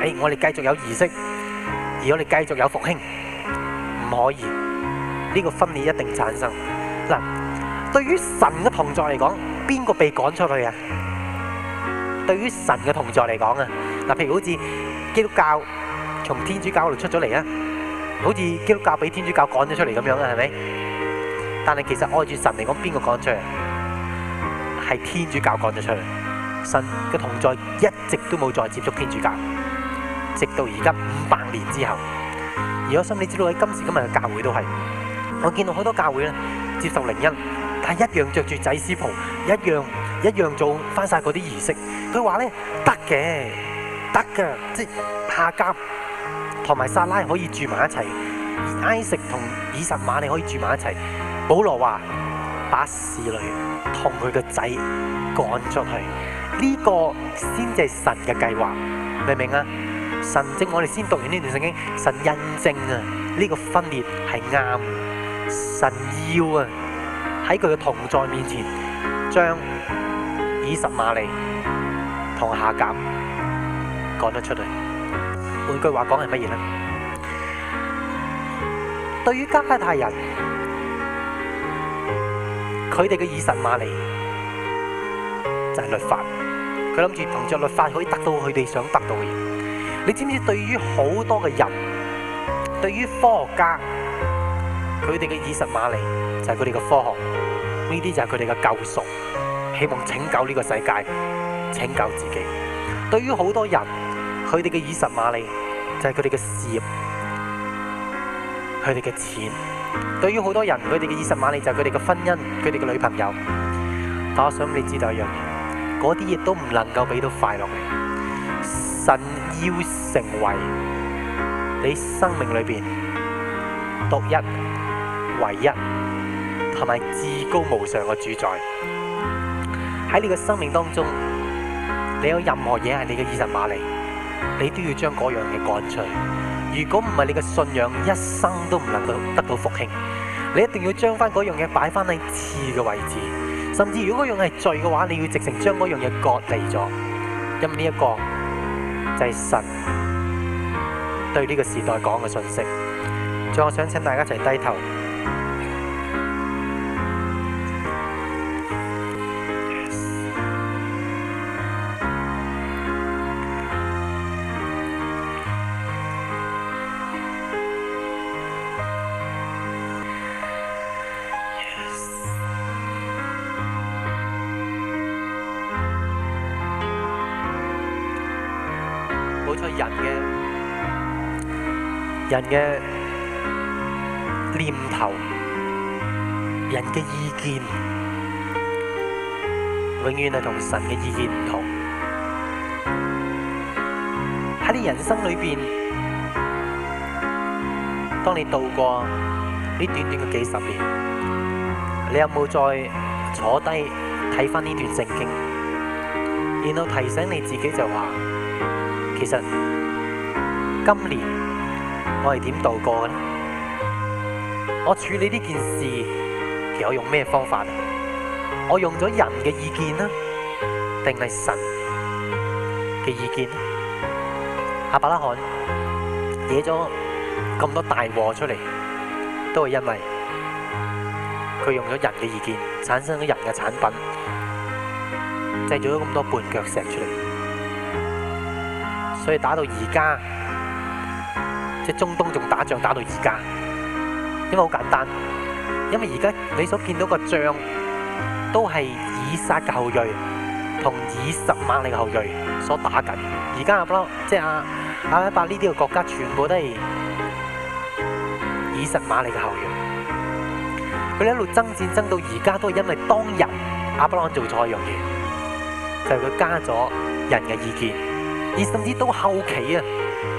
誒，我哋繼續有儀式，而我哋繼續有復興，唔可以。呢個分裂一定產生嗱。對於神嘅同在嚟講，邊個被趕出去啊？對於神嘅同在嚟講啊，嗱，譬如好似基督教從天主教嗰度出咗嚟啊，好似基督教俾天主教趕咗出嚟咁樣啦，係咪？但係其實按住神嚟講，邊個趕出嚟？係天主教趕咗出嚟。神嘅同在一直都冇再接觸天主教，直到而家五百年之後。而我心裏知道喺今時今日嘅教會都係，我見到好多教會咧接受靈恩。但一樣着住仔絲袍，一樣一樣做翻晒嗰啲儀式。佢話咧得嘅，得嘅，即係夏甲同埋撒拉可以住埋一齊，以撒同以實瑪利可以住埋一齊。保羅話把侍女同佢個仔趕出去，呢、這個先至係神嘅計劃，明唔明啊？神正我哋先讀完呢段聖經，神印證啊，呢、這個分裂係啱神妖啊。喺佢嘅同在面前，將以實瑪利同夏甲趕出去。換句話講係乜嘢呢？對於加拉太人，佢哋嘅以實瑪利就係律法。佢諗住憑著律法可以達到佢哋想達到嘅嘢。你知唔知道對於好多嘅人，對於科學家，佢哋嘅以實瑪利就係佢哋嘅科學。呢啲就係佢哋嘅救贖，希望拯救呢個世界，拯救自己。對於好多人，佢哋嘅以實瑪利就係佢哋嘅事業，佢哋嘅錢。對於好多人，佢哋嘅以實瑪利就係佢哋嘅婚姻，佢哋嘅女朋友。但我想你知道一樣嘢，嗰啲嘢都唔能夠俾到快樂。神要成為你生命裏邊獨一唯一。同埋至高無上嘅主宰，喺你嘅生命當中，你有任何嘢係你嘅異神嘛嚟，你都要將嗰樣嘢趕除。如果唔係，你嘅信仰一生都唔能夠得到復興。你一定要將翻嗰樣嘢擺翻喺次嘅位置，甚至如果嗰樣係罪嘅話，你要直情將嗰樣嘢割離咗。因為呢一個就係神對呢個時代講嘅信息。最後我想請大家一齊低頭。人嘅念頭，人嘅意見，永遠係同神嘅意見唔同。喺你人生裏面，當你度過呢短短嘅幾十年，你有冇再坐低睇返呢段聖經，然後提醒你自己就話，其實今年？我係點度過嘅呢？我處理呢件事，其實我用咩方法？我用咗人嘅意見定係神嘅意見呢？阿伯拉罕惹咗咁多大禍出嚟，都係因為佢用咗人嘅意見，產生咗人嘅產品，製造咗咁多絆腳石出嚟，所以打到而家。即係中東仲打仗打到而家，因為好簡單，因為而家你所見到個仗都係以撒嘅後裔同以實瑪利嘅後裔所打緊。而家阿布朗即係阿阿拉伯呢啲個國家全部都係以實瑪利嘅後裔，佢哋一路爭戰爭到而家都係因為當日阿布朗做錯一樣嘢，就係、是、佢加咗人嘅意見，而甚至到後期啊。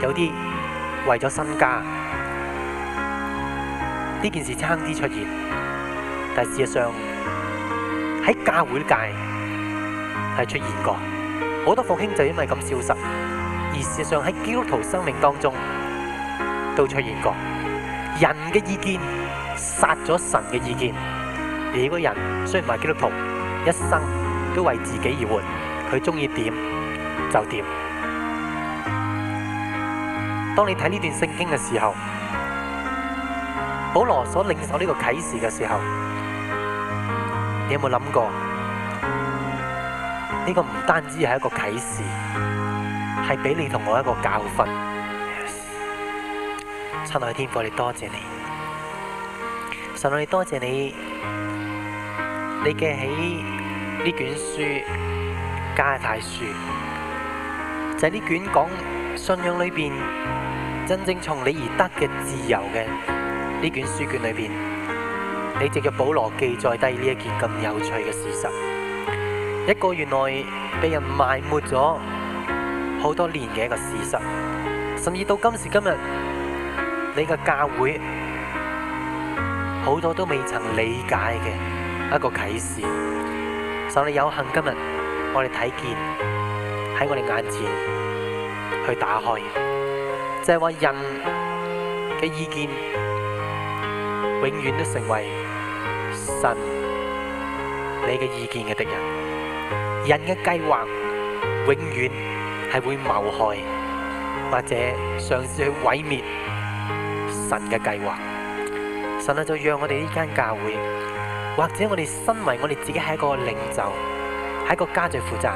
有啲為咗身家，呢件事差啲出現，但事實上喺教會界係出現過，好多復興就因為咁消失，而事實上喺基督徒生命當中都出現過，人嘅意見殺咗神嘅意見，而這個人雖然唔係基督徒，一生都為自己而活，佢中意點就點。當你睇呢段聖經嘅時候，保羅所領受呢個啟示嘅時候，你有冇諗過呢？這個唔單止係一個啟示，係俾你同我一個教訓。神，yes. 親愛天父，我哋多謝你，神愛你，多謝你，你記起呢卷書加太書，就係、是、呢卷講信仰裏邊。真正從你而得嘅自由嘅呢卷書卷裏面，你藉着保羅記，記載低呢一件咁有趣嘅事實，一個原來被人埋沒咗好多年嘅一個事實，甚至到今時今日，你嘅教會好多都未曾理解嘅一個啟示，所以有幸今日我哋睇見喺我哋眼前去打開。就係話人嘅意見永遠都成為神你嘅意見嘅敵人，人嘅計劃永遠係會謀害或者嘗試去毀滅神嘅計劃。神啊，就讓我哋呢間教會，或者我哋身為我哋自己係一個領袖，係一個家在負責，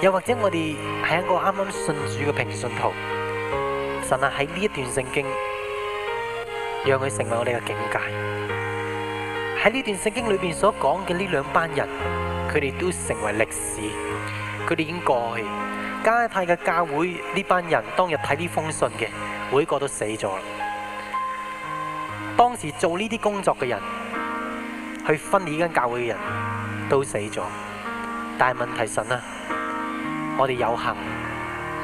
又或者我哋係一個啱啱信主嘅平信徒。神啊，喺呢一段聖經，讓佢成為我哋嘅境界。喺呢段聖經裏邊所講嘅呢兩班人，佢哋都成為歷史，佢哋已經過去。加泰嘅教會呢班人當日睇呢封信嘅，每個都死咗。當時做呢啲工作嘅人，去分裂間教會嘅人都死咗。但係問題，神啊，我哋有幸，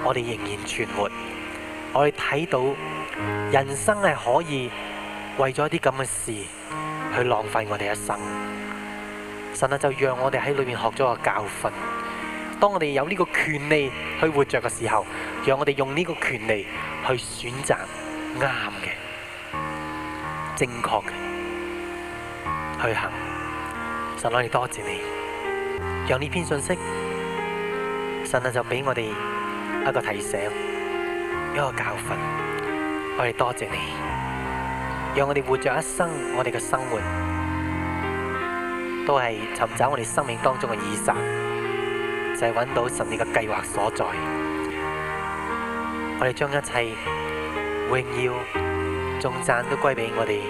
我哋仍然存活。我哋睇到人生係可以為咗啲咁嘅事去浪費我哋一生，神啊，就讓我哋喺裏面學咗個教訓。當我哋有呢個權利去活着嘅時候，讓我哋用呢個權利去選擇啱嘅、正確嘅去行。神啊，我哋多謝你，讓呢篇信息，神啊，就俾我哋一個提醒。一個教訓，我哋多謝你，讓我哋活著一生，我哋嘅生活都係尋找我哋生命當中嘅意旨，就係、是、揾到神你嘅計劃所在。我哋將一切榮耀、重讚都歸畀我哋，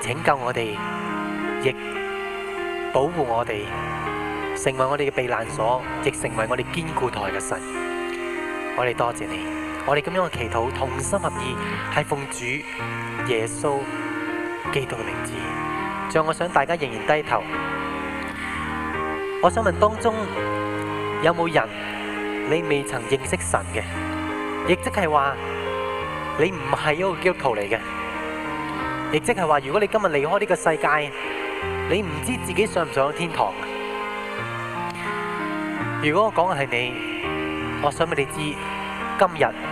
拯救我哋，亦保護我哋，成為我哋嘅避難所，亦成為我哋堅固台嘅神。我哋多謝你。我哋咁樣嘅祈禱，同心合意，係奉主耶穌基督嘅名字。我想大家仍然低頭。我想問當中有冇人你未曾認識神嘅，亦即係話你唔係一個基督徒嚟嘅，亦即係話，如果你今日離開呢個世界，你唔知道自己上唔上天堂。如果我講嘅係你，我想畀你知今日。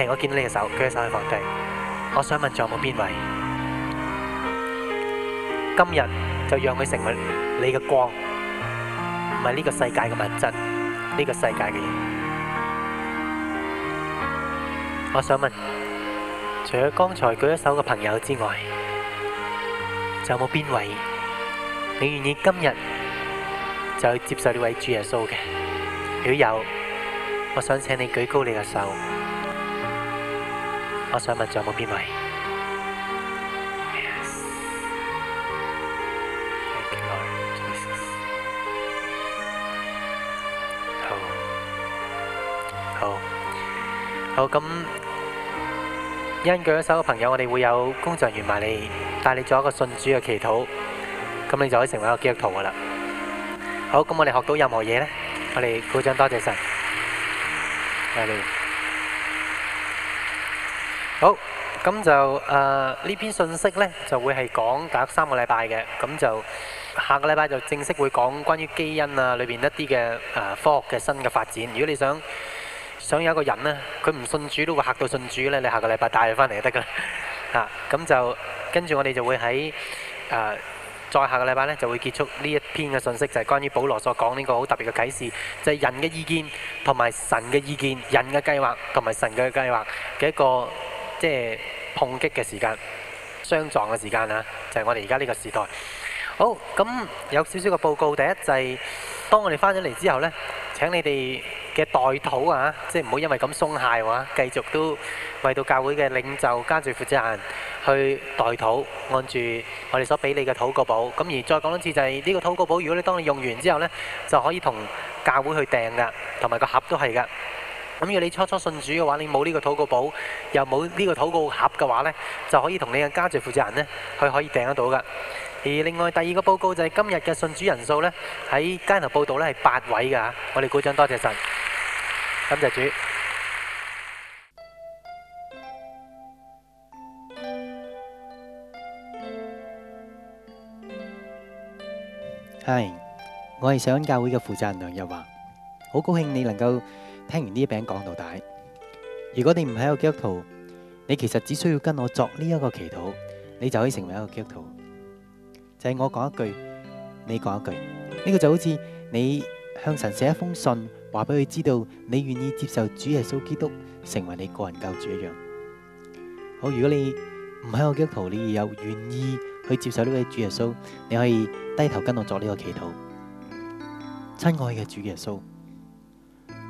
係，我見到你嘅手，舉下手去放低。我想問，仲有冇邊位？今日就讓佢成為你嘅光，唔係呢個世界嘅物質，呢個世界嘅嘢。我想問，除咗剛才舉咗手嘅朋友之外，仲有冇邊位？你願意今日就去接受呢位主耶穌嘅？如果有，我想請你舉高你嘅手。我想問仲有冇邊位？好，好，好咁，啱舉手嘅朋友，我哋會有工作人員埋你，帶你做一個信主嘅祈禱，咁你就可以成為一個基督徒噶啦。好，咁我哋學到任何嘢咧，我哋鼓掌多謝神，我哋。好咁就誒呢篇信息咧，就會係講隔三個禮拜嘅。咁就下個禮拜就正式會講關於基因啊裏邊一啲嘅誒科學嘅新嘅發展。如果你想想有一個人咧，佢唔信主都會嚇到信主咧，你下個禮拜帶佢翻嚟就得㗎啦啊！咁就跟住我哋就會喺誒再下個禮拜咧，就會結束呢一篇嘅信息，就係關於保羅所講呢個好特別嘅啟示，就係人嘅意見同埋神嘅意見，人嘅計劃同埋神嘅計劃嘅一個。即係碰擊嘅時間、相撞嘅時間啊，就係我哋而家呢個時代。好，咁有少少嘅報告。第一就係當我哋返咗嚟之後呢，請你哋嘅代禱啊，即係唔好因為咁鬆懈喎，繼續都為到教會嘅領袖、家住負責人去代禱，按住我哋所俾你嘅禱告簿。咁而再講多次就係呢個禱告簿。如果你當你用完之後呢，就可以同教會去訂㗎，同埋個盒都係㗎。咁如果你初初信主嘅話，你冇呢個禱告簿，又冇呢個禱告盒嘅話咧，就可以同你嘅家聚負責人咧，佢可以訂得到噶。而另外第二個報告就係今日嘅信主人數咧，喺街頭報道咧係八位噶吓，我哋鼓掌多謝神，感謝主。係，我係上恩教會嘅負責人梁日華，好高興你能夠。聽完呢一餅講到大，如果你唔係一個基督徒，你其實只需要跟我作呢一個祈禱，你就可以成為一個基督徒。就係我講一句，你講一句，呢個就好似你向神寫一封信，話俾佢知道你願意接受主耶穌基督成為你個人救主一樣。好，如果你唔係一個基督徒，你又有願意去接受呢位主耶穌，你可以低頭跟我作呢個祈禱。親愛嘅主耶穌。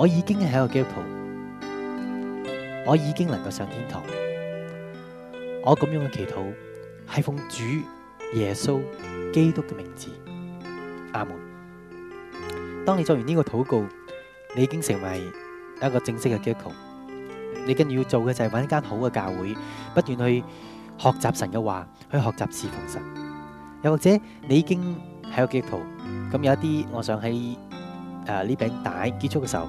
我已經係一個基督徒，我已經能夠上天堂。我咁樣嘅祈禱係奉主耶穌基督嘅名字，阿門。當你作完呢個禱告，你已經成為一個正式嘅基督徒。你跟住要做嘅就係揾一間好嘅教會，不斷去學習神嘅話，去學習侍奉神。又或者你已經係一個基督徒，咁有一啲，我想喺誒呢餅帶結束嘅時候。